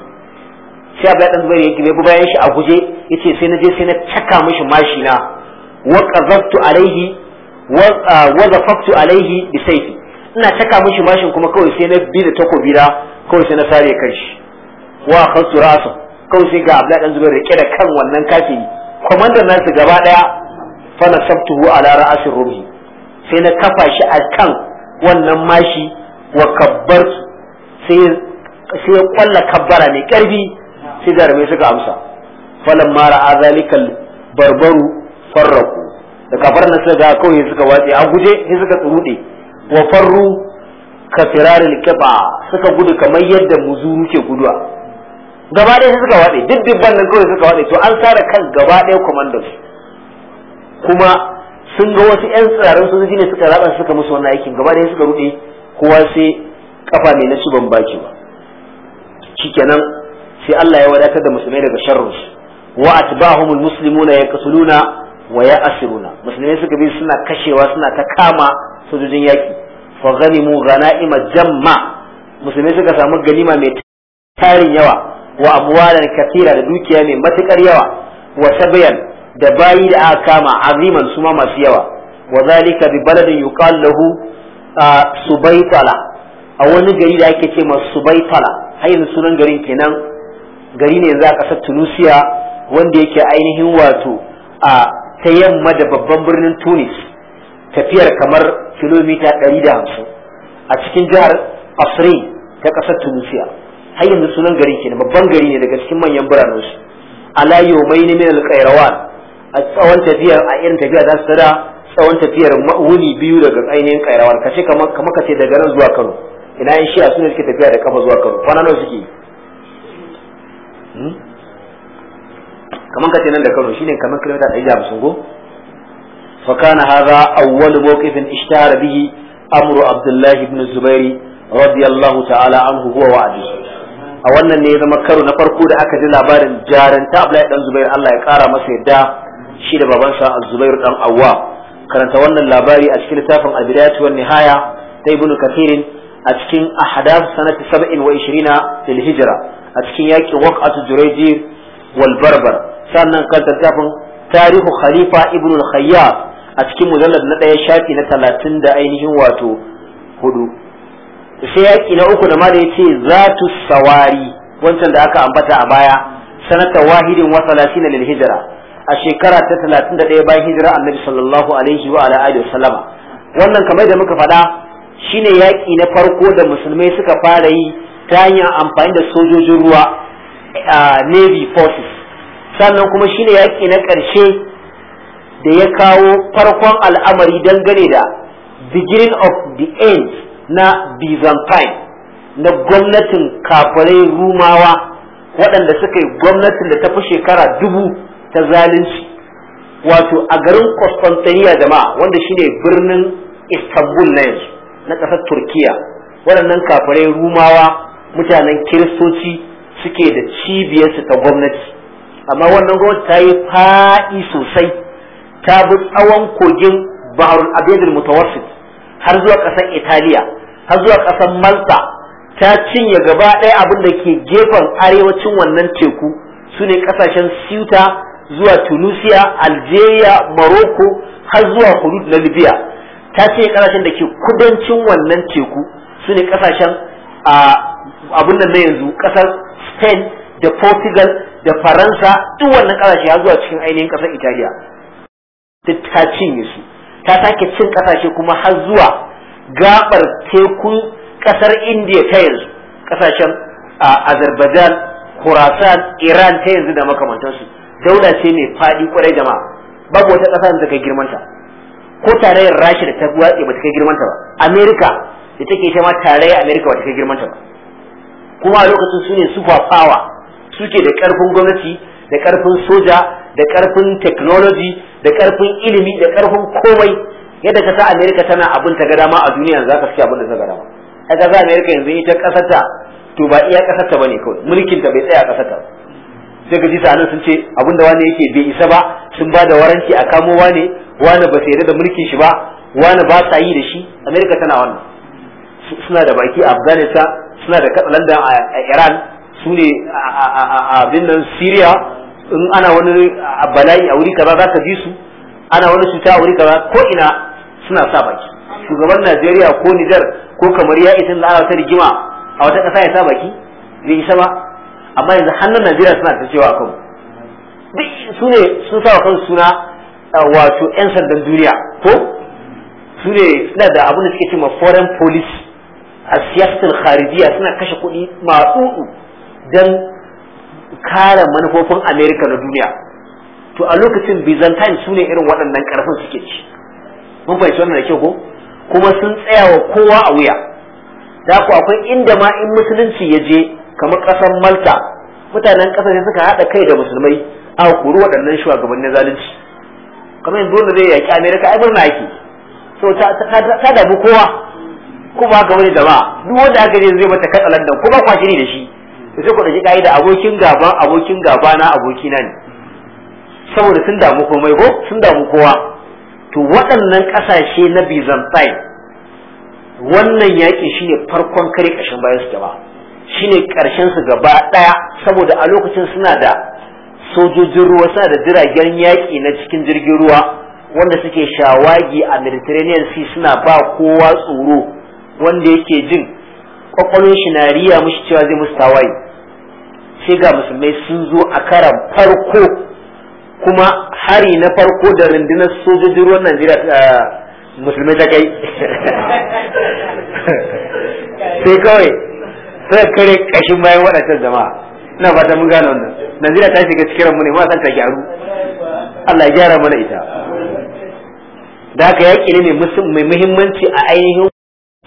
sai Abdullahi dan Zubair yake ne bayan shi a guje yace sai na je sai na caka mishi mashi na wa qazaftu alaihi wa zafaftu alaihi bi sayfi ina caka mishi mashin kuma kawai sai na bi da takobi kawai sai na sare kai shi wa khasu ra'su kawai sai ga abla dan Zubair rike da kan wannan kafi komandan nasu gaba daya fa nasabtuhu ala ra'asir rumhi sai na kafa shi a kan wannan mashi wa kabbar sai sai ya kwalla kabbara mai karfi sai jarumai suka amsa mara a zalikan barbaru farraku da kafar na suka ga kawai suka watse a guje sai suka tsurude wa farru ka firarin kiba suka gudu kamar yadda muzuru ke guduwa gaba ɗaya sai suka waɗe duk dubban nan kawai suka waɗe to an tsara kan gaba ɗaya kuma sun ga wasu 'yan tsirarin sojoji ne suka raba suka musu wannan aikin gaba ɗaya suka ruɗe kowa sai kafa ne na ci baki ba shikenan sai Allah ya wadatar da musulmai daga sharrus wa atba'ahumul muslimuna yaqtuluna wa ya'siruna musulmai suka bi suna kashewa suna ta kama sojojin yaki fa ghanimu ghanaima jamma musulmai suka samu ganima mai tarin yawa wa amwalan kathira da dukiya mai matukar yawa wa sabiyan da bayi da aka kama aziman su ma masu yawa wa zalika bi baladin yuqal lahu subaytala a wani gari da ake ce masa subaytala har yanzu sunan garin kenan gari ne yanzu a kasar Tunisia wanda yake ainihin wato a ta yamma da babban birnin Tunis tafiyar kamar kilomita 150 a cikin jihar Afrin ta kasar Tunisia har yanzu sunan gari ke babban gari ne daga cikin manyan biranen su ala yawmaini min al-qayrawan a tsawon tafiya a irin tafiya za su tada tsawon tafiyar wuni biyu daga ainihin qayrawan kace kamar kamar kace daga nan zuwa Kano ina yin shi a sunan suke tafiya da kafa zuwa Kano kwana nawa suke hmm? kamar kace nan da Kano shine kamar kilomita 150 go fa kana hadha awwal mawqifin ishtahara bihi amru abdullah ibn zubair radiyallahu ta'ala anhu huwa wa abihi a wannan ne ya zama karo na farko da aka ji labarin jaranta Abdullahi dan Zubair Allah ya kara masa yadda shi da babansa a zubair dan Awwa karanta wannan labari a cikin littafin Al-Bidayatu wan Nihaya ta Ibn Kathir a cikin Ahdath sanati 27 fil Hijra a cikin yakin Waqatu Jurayjir wal Barbar sannan karanta littafin Tarihu Khalifa Ibn al a cikin mujallad na ɗaya shafi na talatin da ainihin wato hudu sai yaki na uku da mala za tu sawari wancan da aka ambata a baya sanata wahidin wa salatin lil hijra a shekara ta 31 bayan hijira annabi sallallahu alaihi wa ala alihi wasallama wannan kamar da muka faɗa shine yaki na farko da musulmai suka fara yi ta hanyar amfani da sojojin ruwa navy forces sannan kuma shine yaki na ƙarshe da ya kawo farkon al'amari dangane da beginning of the end na byzantine na gwamnatin kafirai rumawa waɗanda suka yi gwamnatin da ta fi shekara dubu ta zalunci wato a garin Constantinople jama'a wanda shine birnin Istanbul na yanzu na ƙasar Turkiya waɗannan kafirai rumawa mutanen kiristoci suke da cibiyarsu ta gwamnati amma wannan gwamnati ta yi fa'i sosai ta bi tsawon kogin Baharul Abedul Mutawassit har zuwa ƙasar Italiya har zuwa ƙasar Malta ta cinye gaba ɗaya abin da ke gefen arewacin wannan teku su ne ƙasashen Siuta zuwa Tunisia Algeria Morocco har zuwa hudud na Libya ta cinye ƙasashen da ke kudancin wannan teku su ne ƙasashen abin nan na yanzu ƙasar Spain da Portugal da Faransa duk wannan ƙasashe har zuwa cikin ainihin ƙasar Italiya duk ta cinye su ta sake cin kasashe kuma har zuwa gabar tekun kasar indiya ta yanzu kasashen azerbaijan khurasan iran ta yanzu da makamantansu daula ce mai faɗi kwarai jama'a babu wata ƙasa da ta kai girmanta ko tarayyar rashi da ta watse ba ta kai girmanta ba amerika da take ita ma tarayyar amerika ba ta kai girmanta ba kuma lokacin su ne fafawa su suke da ƙarfin gwamnati da ƙarfin soja da karfin technology da karfin ilimi da karfin komai yadda ka sa America tana abin ta ga dama a duniya za ka fi abin da ta ga dama kaga za America yanzu ita ta, to ba iya ta bane kawai mulkin ta bai tsaya ta sai ka ji sanan sun ce abin da wani yake bai isa ba sun ba da waranti a kamo wane wani ba sai da mulkin shi ba wani ba sa yi da shi America tana wannan suna da baki a Afghanistan suna da katsalandan a Iran su ne a abin nan Syria in ana wani bala'i a wuri kaza za ka ji su ana wani cuta a wuri kaza ko ina suna sa baki shugaban Najeriya ko Nijar ko kamar ya isa da ta rigima a wata ƙasa ya sa baki bai isa ba amma yanzu hannun Najeriya suna ta cewa kan duk su ne sun sa wa kan suna wato 'yan sandan duniya ko su ne suna da abin da suke cewa foreign police a siyasar kharijiya suna kashe kuɗi masu dan kare manufofin Amerika na duniya to a lokacin byzantine su ne irin waɗannan ƙarfin suke ci mun fahimci wannan da kyau ko kuma sun tsaya wa kowa a wuya da ku akwai inda ma in musulunci ya je kamar ƙasar malta mutanen ƙasar ne suka haɗa kai da musulmai a kuru waɗannan shugabannin zalunci kamar yanzu wanda zai yaƙi Amerika, ai murna yake so ta dabi kowa Kuma ba ga wani jama'a duk wanda aka je zai mata katsalan ko kuma kwashi ne da shi to sai ku ɗauki ƙa'ida abokin gaban abokin gaba na abokina ne saboda sun damu komai ko sun damu kowa to waɗannan ƙasashe na Byzantine wannan yaƙi shine farkon kare ƙarshen bayan su gaba shine ƙarshen su gaba ɗaya saboda a lokacin suna da sojojin ruwa suna da jiragen yaƙi na cikin jirgin ruwa wanda suke shawagi a Mediterranean Sea suna ba kowa tsoro wanda yake jin kwakwalon shi na mushi cewa zai musu tawaye sai ga musulmai sun zo a karan farko kuma hari na farko da rundunar sojojin ruwan Najeriya eh, musulmai ta kai sai kawai sai kare kashin bayan waɗancan jama'a ina fata mun gane wannan Najeriya ta shiga cikin mu ne ma san ta gyaru Allah ya gyara mana ita da haka yaƙi ne mai muhimmanci a ainihin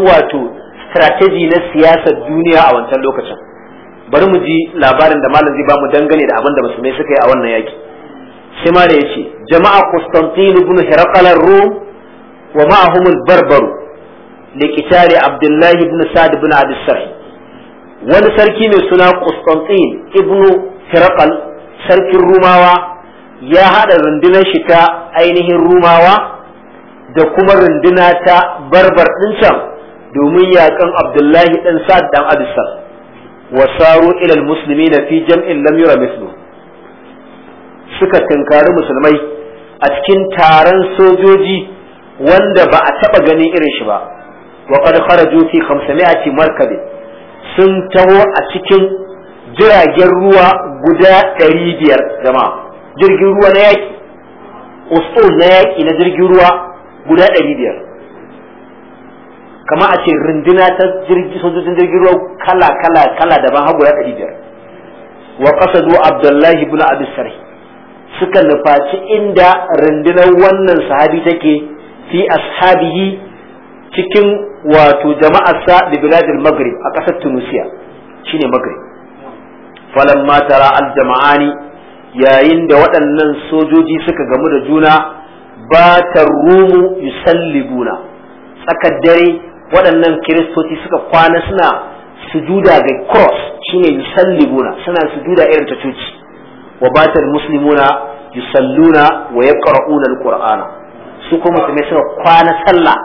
wato strategy na siyasar duniya a wancan lokacin bari mu ji labarin da malam zai ba mu dangane da abin da musulmai suka yi a wannan yaki shi ma ya ce jama'a Constantine ibn Hiraqal Rum wa ma'ahum al-Barbaru liqitali Abdullah ibn Sa'd ibn Abi wani sarki mai suna Constantine ibn Hiraqal sarkin Rumawa ya hada rundunar shi ta ainihin Rumawa da kuma runduna ta Barbar din can domin yakan Abdullahi dan Sa'd dan Abi wasaru ilal musulmi na fi jam'in lam yura suka tunkari musulmai a cikin taron sojoji wanda ba a taɓa ganin irin shi ba wa qad kharaju fi 500 markabi sun taho a cikin jiragen ruwa guda biyar jama'a jirgin ruwa na yaƙi. ustul na yaƙi na jirgin ruwa guda biyar. kama a ce rinduna ta sojojin jirgin ruwa kala kala kala daban hagu guda ɗari biyar wa qasadu abdullahi ibn abi sarh suka nufaci inda rundunar wannan sahabi take fi ashabihi cikin wato jama'ar da biladil maghrib a ƙasar tunisia shine maghrib falamma tara aljama'ani jama'ani yayin da waɗannan sojoji suka gamu da juna batar rumu yusallibuna tsakar dare waɗannan kiristoci suka kwana suna sujuda ga cross shine yusallibuna suna sujuda irin ta coci wa batal muslimuna yusalluna wa yaqra'una alqur'ana su kuma musulmai suka kwana sallah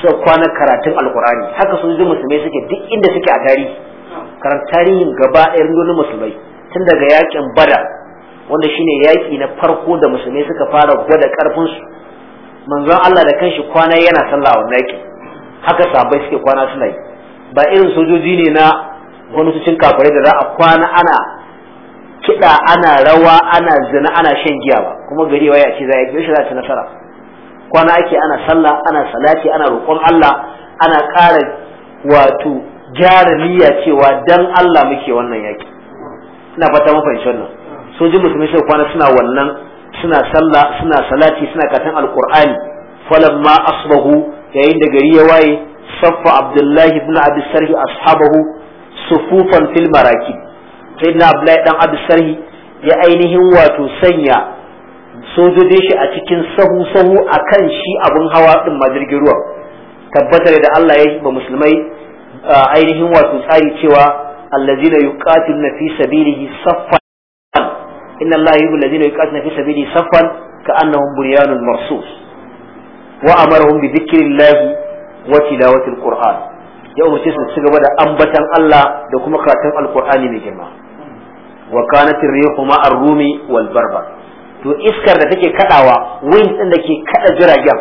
suka kwana karatun alqur'ani haka sojojin musulmai suke duk inda suke a tarihi karan tarihin gaba ɗaya rundunar musulmai tun daga yakin bada wanda shine yaki na farko da musulmai suka fara gwada karfin su manzon Allah da kanshi kwana yana sallah wannan yakin haka sabai suke kwana suna yi ba irin sojoji ne na wani gwamnatocin kafare da za a kwana ana kiɗa ana rawa ana zina ana shan giya ba kuma gari waya ce za a yi shi za ci nasara kwana ake ana sallah ana salati ana roƙon Allah ana ƙara wato gyara niyya cewa dan Allah muke wannan yaki ina fata mun fahimci wannan sojin musulmi sai kwana suna wannan suna sallah suna salati suna katan alqur'ani falamma asbahu yayin da gari ya waye saffa abdullahi ibn abi sarhi ashabahu sufufan fil maraki sayyidina abdullahi dan abi sarhi ya ainihin wato sanya sojojin shi a cikin sahu sahu akan shi abun hawa din majirgin ruwa tabbatar da Allah ya yi ba musulmai ainihin wato tsari cewa allazina yuqatiluna fi sabilihi saffan inna allaha yuhibbu allazina yuqatiluna fi sabilihi saffan ka'annahum buryanun marsus wa amarahum humbi dhikrillahi wa tilawatil qur'an ya umarce su ci gaba da ambatan Allah da kuma karatun alqur'ani mai girma wa ma ar-rumi wal to iskar da take kadawa wind din da ke kada jiragen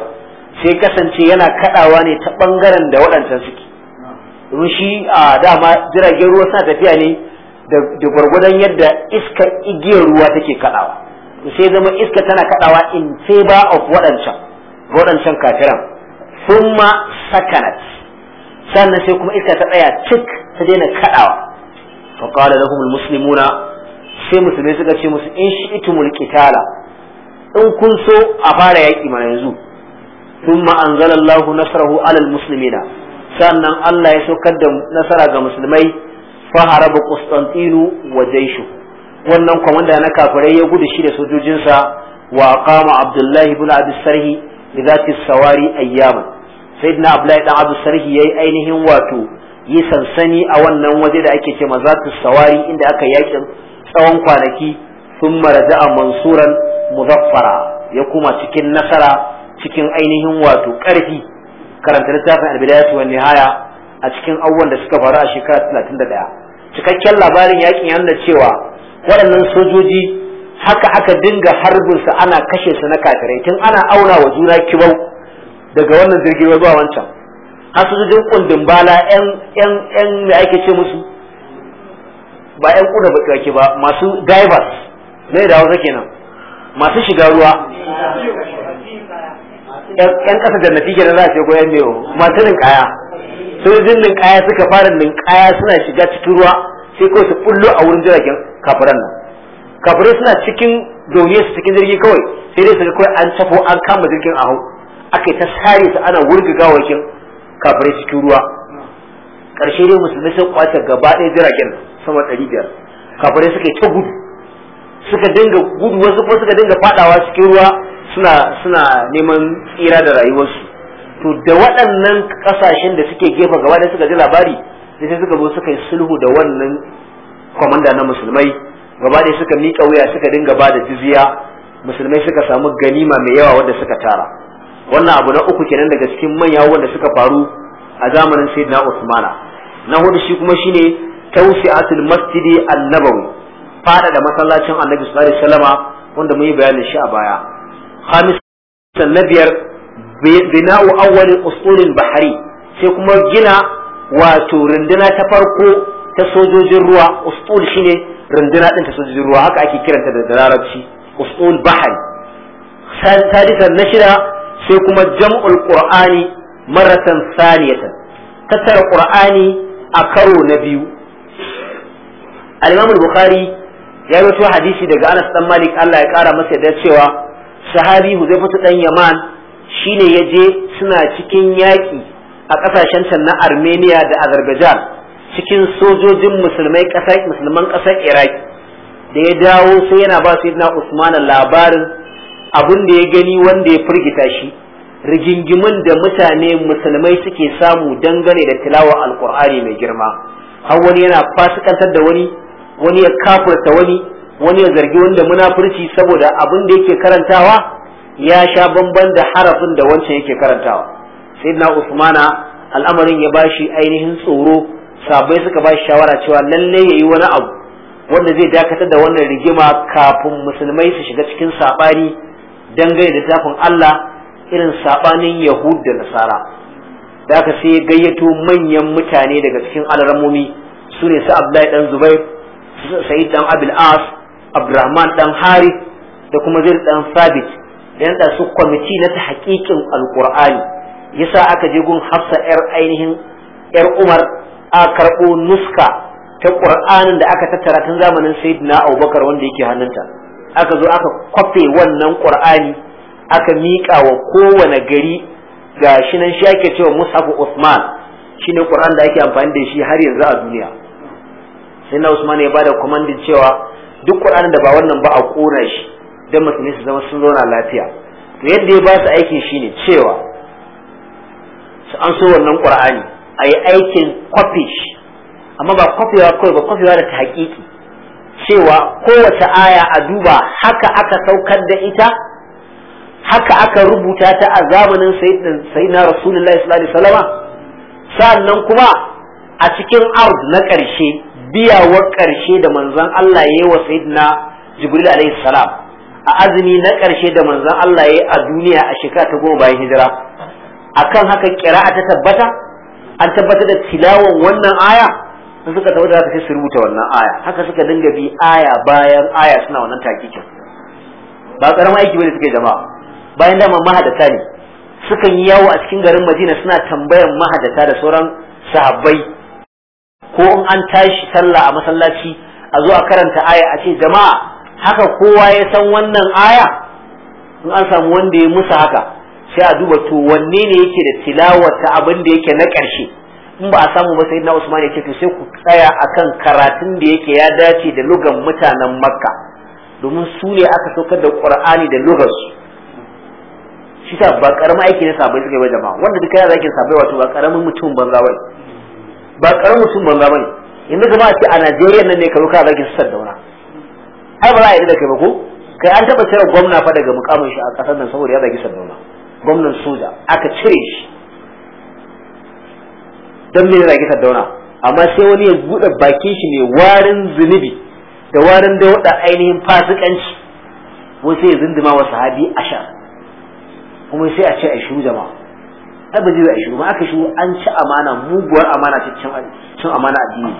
sai kasance yana kadawa ne ta bangaren da waɗancan suke Rushi a dama jiragen ruwa suna tafiya ne da gwargwadon yadda iskar igiyar ruwa take kadawa sai zama iska tana kadawa in favor of waɗancan waɗancan kafiran summa sakanat sannan sai kuma iska ta tsaya cik ta daina kaɗawa fa qala lahum almuslimuna sai musulmai suka ce musu in shi shi'tumul qitala in kun so a fara yaƙi ma yanzu thumma anzalallahu nasrahu alal muslimina sannan Allah ya saukar da nasara ga musulmai fa haraba Qustantinu wa jaishu wannan kwamandan na kafirai ya gudu shi da sojojinsa wa qama Abdullahi ibn Abi Sarhi bi zati sawari ayyaman sayyidina abdullahi dan abu sarhi yayi ainihin wato yi sansani a wannan waje da ake cewa zati sawari inda aka yakin tsawon kwanaki sun thumma a mansuran muzaffara ya kuma cikin nasara cikin ainihin wato karfi karanta littafin albidayatu wan nihaya a cikin abubuwan da suka faru a shekara ɗaya. cikakken labarin yakin ya cewa waɗannan sojoji haka aka dinga harbinsa ana kashe su na kafirai tun ana auna wa juna kibau daga wannan jirgin ruwa zuwa wancan har sojojin kundin bala yan yan yan me ake ce musu ba yan kuna baki ba masu divers ne da hausa kenan masu shiga ruwa yan kasa jannati kenan za a ce goyon mero masu ninkaya sojojin ninkaya suka fara ninkaya suna shiga cikin ruwa sai kawai su kullo a wurin jiragen kafiran nan kafirai suna cikin domin su cikin jirgi kawai sai dai su ga kawai an tafo an kama jirgin a hau aka yi ta sare su ana wurga gawakin kafirai cikin ruwa ƙarshe dai musulmi sun kwace gaba ɗaya jiragen sama ɗari biyar kafirai suka yi ta gudu suka dinga gudu wasu kuma suka dinga faɗawa cikin ruwa suna suna neman tsira da rayuwarsu to da waɗannan ƙasashen da suke gefe gaba ɗaya suka ji labari sai suka zo suka yi sulhu da wannan kwamanda na musulmai gaba da suka miƙa wuya suka dinga ba da jizya musulmai suka samu ganima mai yawa wanda suka tara wannan abu na uku kenan daga cikin manya wanda suka faru a zamanin sayyidina usmana na hudu shi kuma shine tawsi'atul masjidi an-nabawi fada da masallacin annabi sallallahu alaihi wasallama wanda mun yi bayanin shi a baya khamis na biyar bina'u awwalin usulin bahari sai kuma gina wato runduna ta farko ta sojojin ruwa usul shine runduna din ta sojojin ruwa haka ake kiranta da larabci usul bahari sadisa na shida sai kuma jam'ul qur'ani maratan saniyatan tattara qur'ani a karo na biyu al-imam bukhari ya rawaito hadisi daga Anas dan Malik Allah ya kara masa da cewa sahabi Huzaifatu dan Yaman shine yaje suna cikin yaki a kasashen can na Armenia da Azerbaijan cikin sojojin musulmai ƙasar musulman ƙasar iraki da ya dawo sai yana ba sayyidina usman labarin abin da ya gani wanda ya firgita shi rigingimin da mutane musulmai suke samu dangane da tilawa alkur'ani mai girma har wani yana fasikantar da wani wani ya kafurta wani wani ya zargi wanda munafurci saboda abin da yake karantawa ya sha bamban da harafin da wancan yake karantawa sayyidina usmana al'amarin ya bashi ainihin tsoro sabai suka ba shawara cewa lalle yi wani abu wanda zai dakatar da wannan rigima kafin musulmai su shiga cikin saɓani. dangane da tafin Allah irin saɓanin Yahud da Nasara da aka sai gayyato manyan mutane daga cikin alramomi su ne su Abdullahi dan Zubair Sa'id ɗan Abil As Abdurrahman dan Harith da kuma Zaid ɗan Sabit yan da su kwamiti na ta haƙiƙin Alqur'ani yasa aka je gun Hafsa yar ainihin yar Umar a karɓo nuska ta ƙur'anin da aka tattara tun zamanin sayyidina abubakar wanda yake hannunta aka zo aka kwafe wannan ƙur'ani aka miƙa wa kowane gari ga shi nan shi ake cewa mushafu usman shine ƙur'an da ake amfani da shi har yanzu a duniya sai na usman ya bada kwamandin cewa duk ƙur'anin da ba wannan ba a ƙona shi don musulmi su zama sun zauna lafiya to yadda ya ba su aikin shine cewa an so wannan ƙur'ani a yi aikin kwafe amma ba kwafewa kawai ba kwafewa da ta hakiki cewa kowace aya a duba haka aka saukar da ita haka aka rubuta ta a zamanin sayyidina rasulullahi sallallahu alaihi wasallam sannan kuma a cikin ard na ƙarshe biyawar ƙarshe da manzon Allah ya yi wa sayyidina jibril alaihi salam a azumi na ƙarshe da manzon Allah ya yi a duniya a shekara ta goma bayan hijira akan haka ƙira'a ta tabbata an tabbatar da tilawan wannan aya sun suka tabbatar da sai su rubuta wannan aya haka suka dinga bi aya bayan aya suna wannan takikin ba karamin aiki bane suke jama'a bayan dama mahadata ne sukan yi yawo a cikin garin Madina suna tambayar mahadata da sauran sahabbai ko in an tashi sallah a masallaci a zo a karanta aya a ce jama'a haka kowa ya san wannan aya in an samu wanda ya musa haka sai a duba to wanne ne yake da tilawar ta abin da yake na ƙarshe in ba a samu ba sai na Usman ya ce to sai ku tsaya akan karatun da yake ya dace da lugan mutanen Makka domin su ne aka saukar da Qur'ani da lugar su shi ta ba karamin aiki na sabai suka yi wajen ba wanda duka yana aikin sabai wato ba karamin mutum banza bai? ba karamin mutum banza bane yanzu a ce a Najeriya nan ne ka ruka zaki su Sardauna ai ba za a yi da kai ba ko kai an taba cire gwamna fa daga mukamin shi a kasar nan saboda ya zaki Sardauna gwamnan soja aka cire shi don me yana gita dauna amma sai wani ya buɗe bakin shi ne warin zunubi da warin da waɗa ainihin fasikanci wai sai ya zinduma wa sahabi asha kuma sai a ce a shiru jama'a ai ba zai a shiru ma aka shiru an ci amana muguwar amana ce cin amana addini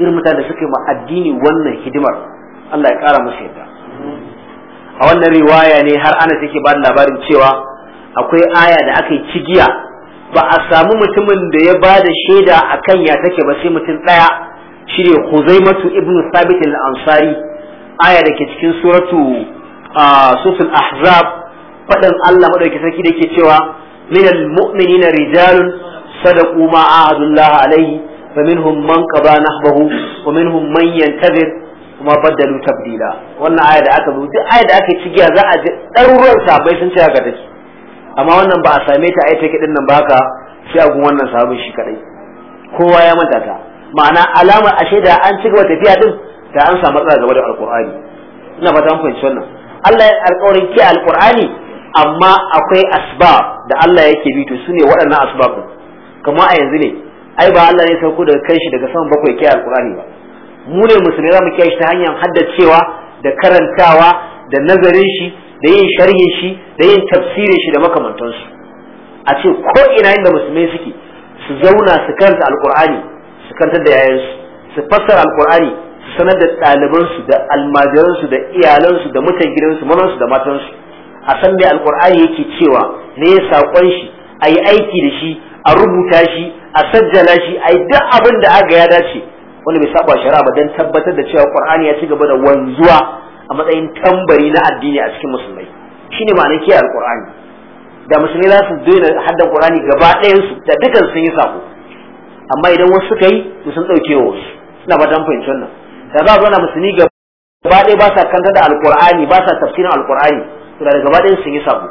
irin mutane da suka yi ma addini wannan hidimar Allah ya kara musu yadda a wannan riwaya ne har ana take ba labarin cewa akwai aya da aka yi cigiya ba a samu mutumin da ya ba da shaida a kan ya take ba sai mutum ɗaya shi ne huzaimatu ibn sabit al-ansari aya da ke cikin suratu sufil ahzab faɗin allah maɗauki sarki da ke cewa min al-mu'minina rijalun sadaqu ma ahadullah alaihi wa minhum man qada nahbahu wa minhum man yantazir kuma baddalu tabdila wannan aya da aka zo duk aya da aka cigiya za a ji ɗaruruwan sabai sun ce haka take amma wannan ba a same ta ai take din nan ba ka, sai a gun wannan sabon shi kadai kowa ya manta ta ma'ana alamar ashe da an ci gaba tafiya din da an samu matsala gaba da alqur'ani ina fata mun fahimci wannan Allah ya alƙawarin ki alqur'ani amma akwai asbab da Allah yake bi to sune waɗannan asbab din kamar a yanzu ne ai ba Allah ne sauko daga kai shi daga saman bakwai ke alqur'ani ba mu ne musulmi za mu kiyaye shi ta hanyar haddacewa da karantawa da nazarin shi da yin sharhin shi da yin tafsirin shi da makamantansu a ce ko ina inda musulmai suke su zauna su karanta alkur'ani su karanta da yayansu su fassara alkur'ani su sanar da ɗalibansu da su da iyalansu da mutan gidansu manansu da matansu a san me alkur'ani yake cewa ne ya saƙon shi a yi aiki da shi a rubuta shi a sajjala shi a yi duk abin da aka ya dace wanda bai saba shari'a ba don tabbatar da cewa Qur'ani ya ci gaba da wanzuwa a matsayin tambari na addini a cikin musulmai shine ma'anar kiyaye Qur'ani da musulmai za su daina haddan Qur'ani gaba ɗayansu su da dukan sun yi sako amma idan wasu suka yi to sun dauke wasu suna ba dan fahimci wannan da za a zauna musulmi gaba ɗaya ba sa kanta da alƙur'ani ba sa tafsirin alƙur'ani to da gaba ɗaya sun yi sako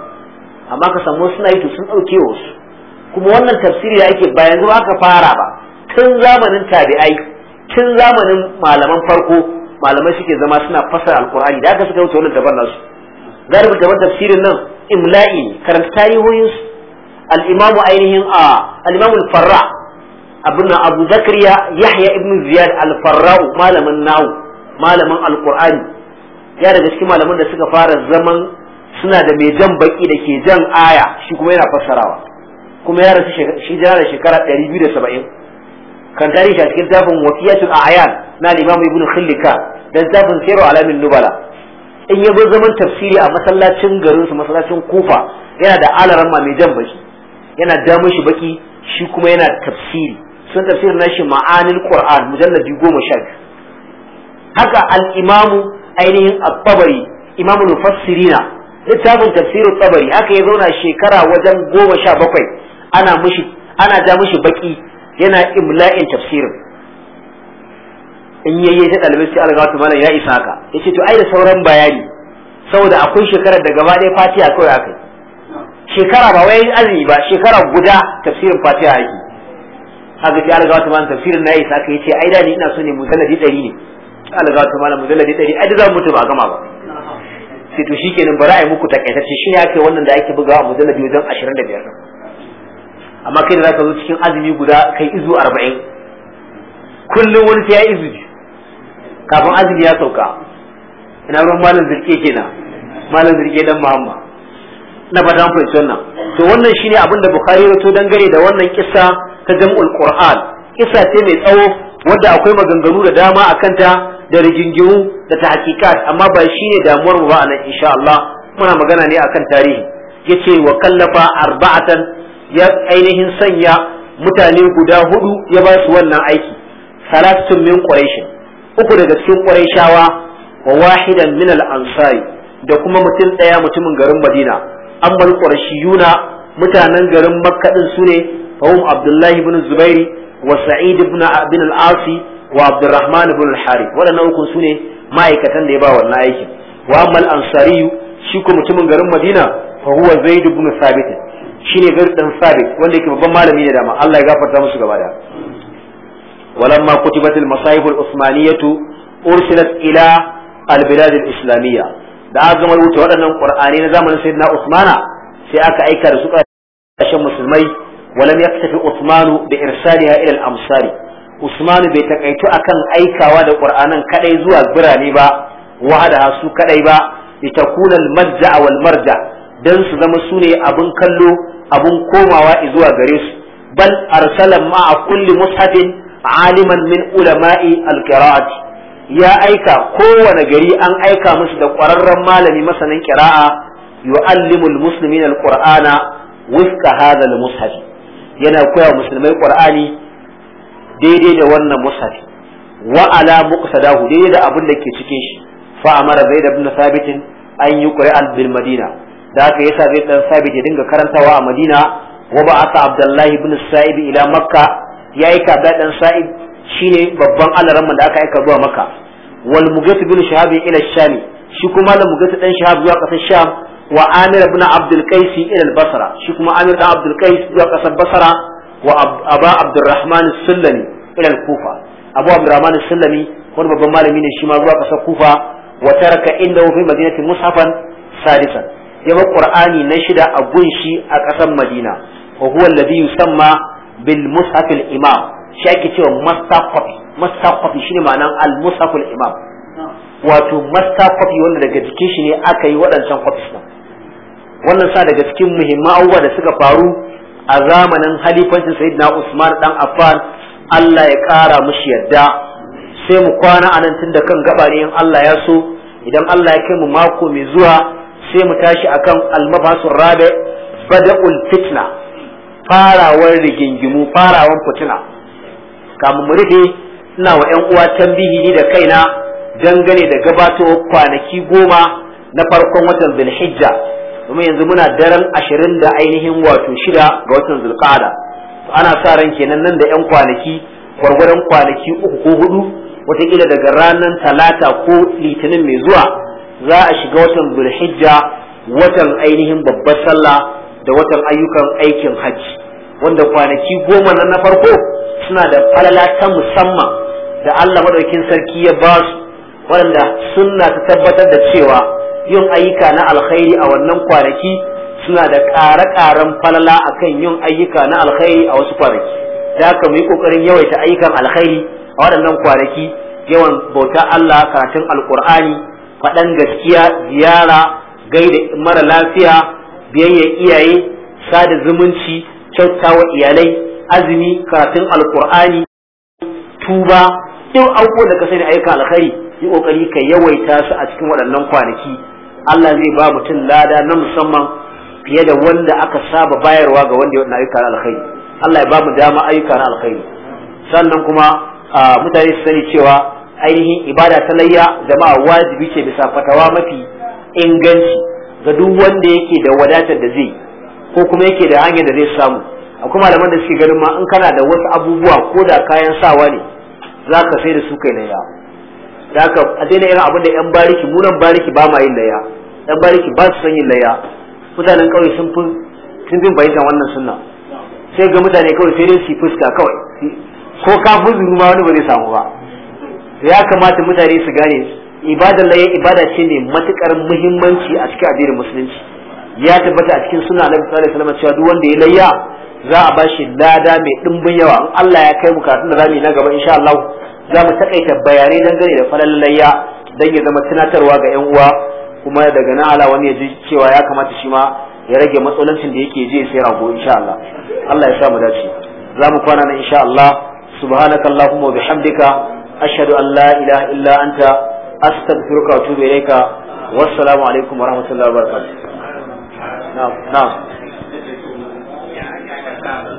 amma ka samu suna yi to sun dauke wasu kuma wannan tafsiri da ake ba yanzu aka fara ba tun zamanin tabi'ai tun zamanin malaman farko malamai suke zama suna fassara alkur'ani da aka suka wuce wannan gaban nasu garbi gaban tafsirin nan imla'i karanta tarihoyin al-imam ainihin a al-imam al-farra abuna abu zakariya yahya ibn ziyad al-farra malamin nahu malamin alkur'ani ya daga cikin malaman da suka fara zaman suna da mai jan baki da ke jan aya shi kuma yana fassarawa kuma ya rasu shi da shekara 270 kan tare shi a cikin tafin wakiyatul a'yan na limamu ibnu khillika dan zafin sirru alamin nubala in ya zo zaman tafsiri a masallacin garinsu su masallacin kufa yana da alaran mai jan baki yana da shi baki shi kuma yana tafsiri sun na shi ma'anil qur'an mujalladi goma sha biyu haka al-imamu ainihin at-tabari imamul mufassirina littafin tafsirin tabari haka ya zauna shekara wajen goma sha bakwai ana mushi ana ja baki yana imla'in tafsirin in yi ta dalibai sai alga malam ya isa Ya yace to ai da sauran bayani saboda akwai shekarar da gaba ɗaya fatiha kawai akai shekara ba wai azumi ba shekara guda tafsirin fatiha yake haka sai alga malam tafsirin na isa ya yace ai da ni ina so ne musalladi ɗari ne alga malam musalladi ɗari ai da za mu mutu ba gama ba sai to shikenan bari a yi muku takaitacce shine ake wannan da ake bugawa a mujallabi wajen 25 din amma kai da za ka zo cikin azumi guda kai izu arba'in kullum wani sai ya izu kafin azumi ya sauka ina ruwan malam zirke kenan malam zirke dan muhammad na fata mun fahimci wannan to wannan shine abin da bukhari ya to dangane da wannan kissa ta jam'ul qur'an kissa ce mai tsawo wadda akwai maganganu da dama akan ta da rigingimu da ta hakika amma ba ne damuwar mu ba anan insha Allah muna magana ne akan tarihi yace wa kallafa arba'atan ya ainihin sanya mutane guda hudu ya ba su wannan aiki salatun min quraishin uku daga cikin quraishawa wa wahidan min al ansari da kuma mutum ɗaya mutumin garin madina ammal qurashiyuna mutanen garin makka din sune fahum abdullahi ibn zubairi wa sa'id ibn abin al asi wa abdurrahman ibn al harith waɗannan uku sune ma'aikatan da ya ba wannan aiki. wa ammal ansari shi ko mutumin garin madina fa huwa zaid ibn thabit ne Zaid dan Sabit wanda yake babban malami ne dama Allah ya gafarta musu gaba da walamma kutibatil masahib al usmaniyatu ursilat ila al bilad al islamiyya da aka gama rubuta waɗannan qur'ani na zamanin sayyidina Usmana sai aka aika da su ƙarshen musulmai walam yaktafi Usmanu bi irsaliha ila al amsari Usmanu bai takaitu akan aikawa da qur'anan kadai zuwa birane ba wahada su kadai ba litakuna al madja wal marja' dan su zama su ne abin kallo abin komawa zuwa gare su bal arsala ma'a kulli mushafin aliman min ulama'i alqira'ati ya aika kowane gari an aika musu da ƙwararren malami masanin ƙira'a yu'allimul muslimin alqur'ana wifqa hadha almushaf yana koya musulmai qur'ani daidai da wannan mushaf wa ala muqsadahu daidai da abin da ke cikin shi fa amara zaid ibn thabit an yuqra bil madina da haka yasa zai dan sabit ya dinga karantawa a Madina wa ba'atha Abdullahi ibn Sa'ib ila Makka yayi ka da dan Sa'ib shine babban alaran da aka aika zuwa Makka wal Mughith ibn Shihab ila Sham shi kuma da Mughith dan Shihab zuwa kasar Sham wa Amir ibn Abdul Qais ila Basra shi kuma Amir ibn Abdul Qais zuwa kasar Basra wa Aba Abdurrahman Sullami ila Kufa Abu Abdurrahman Sullami wani babban malami ne shi ma zuwa kasar Kufa wa taraka indahu fi madinati mushafan sadisan ya ba qur'ani na shida a gunshi a ƙasar madina wa huwa alladhi yusamma bil mushaf al imam shi ake cewa master copy master copy shine ma'anan al mushaf al imam wato master copy wanda daga jikin shi ne aka yi waɗancan copies din wannan sa daga cikin muhimman abubuwa da suka faru a zamanin halifancin sayyidina Usman dan Affan Allah ya kara mushi yadda sai mu kwana anan tun da kan gaɓa ne in Allah ya so idan Allah ya kai mu mako mai zuwa sai mu tashi akan almabasun rabe bada'ul fitna farawar rigingimu farawan fitina kamun mu ina wa 'yan uwa tambihi ni da kaina dangane da gabato kwanaki goma na farkon watan zulhijja kuma yanzu muna daren ashirin da ainihin wato shida ga watan zulqa'ada ana sa ran kenan nan da 'yan kwanaki gwargwaron kwanaki uku ko hudu wataƙila daga ranar talata ko litinin mai zuwa za a shiga watan zulhijja watan ainihin babbar sallah da watan ayyukan aikin hajji wanda kwanaki goma nan na farko suna da falala ta musamman da Allah madaukin sarki ya ba su wanda sunna ta tabbatar da cewa yin ayyuka na alkhairi a wannan kwanaki suna da ƙare-ƙaren falala akan yin ayyuka na alkhairi a wasu kwanaki da ka mu yi ƙoƙarin yawaita ayyukan alkhairi a waɗannan kwanaki yawan bauta Allah karatun alkur'ani faɗan gaskiya ziyara gaida mara lafiya biyayya iyaye sada zumunci kyautawa iyalai azumi karatun alkur'ani tuba in abubuwan da ka sani aika alkhairi yi kokari ka yawaita su a cikin waɗannan kwanaki Allah zai ba mutum lada na musamman fiye da wanda aka saba bayarwa ga wanda ya wani alkhairi Allah ya ba mu dama ayyuka na alkhairi sannan kuma ah, mutane su sani cewa ainihin ibada ta layya jama'a wajibi ce bisa fatawa mafi inganci ga duk wanda yake da wadatar da zai ko kuma yake da hanyar da zai samu akwai malaman da suke ganin ma in kana da wasu abubuwa ko da kayan sawa ne za ka sai da su kai layya da haka a daina irin abin da yan bariki munan bariki ba ma yin layya yan bariki ba su san yin layya mutanen ƙauye sun fi sun fi bayyana wannan sunna sai ga mutane kawai sai dai su fuska kawai ko kafin ma wani ba zai samu ba ya kamata mutane su gane ibadar laye ibada ce ne matukar muhimmanci a cikin addinin musulunci ya tabbata a cikin suna annabi sallallahu alaihi wasallam cewa duk wanda ya layya za a bashi lada mai dimbin yawa in Allah ya kai mu kafin da zamu yi na gaba insha Allah za mu takaita bayanai dangane da falal layya dan ya zama tunatarwa ga yan uwa kuma daga nan ala wani ya ji cewa ya kamata shi ma ya rage matsalancin da yake je sai rago insha Allah Allah ya sa mu dace za mu kwana nan insha Allah subhanakallahumma wa bihamdika ashhadu an ilaha illa anta astaghfiruka wa atubu ilayka wassalamu alaikum wa rahmatullahi wa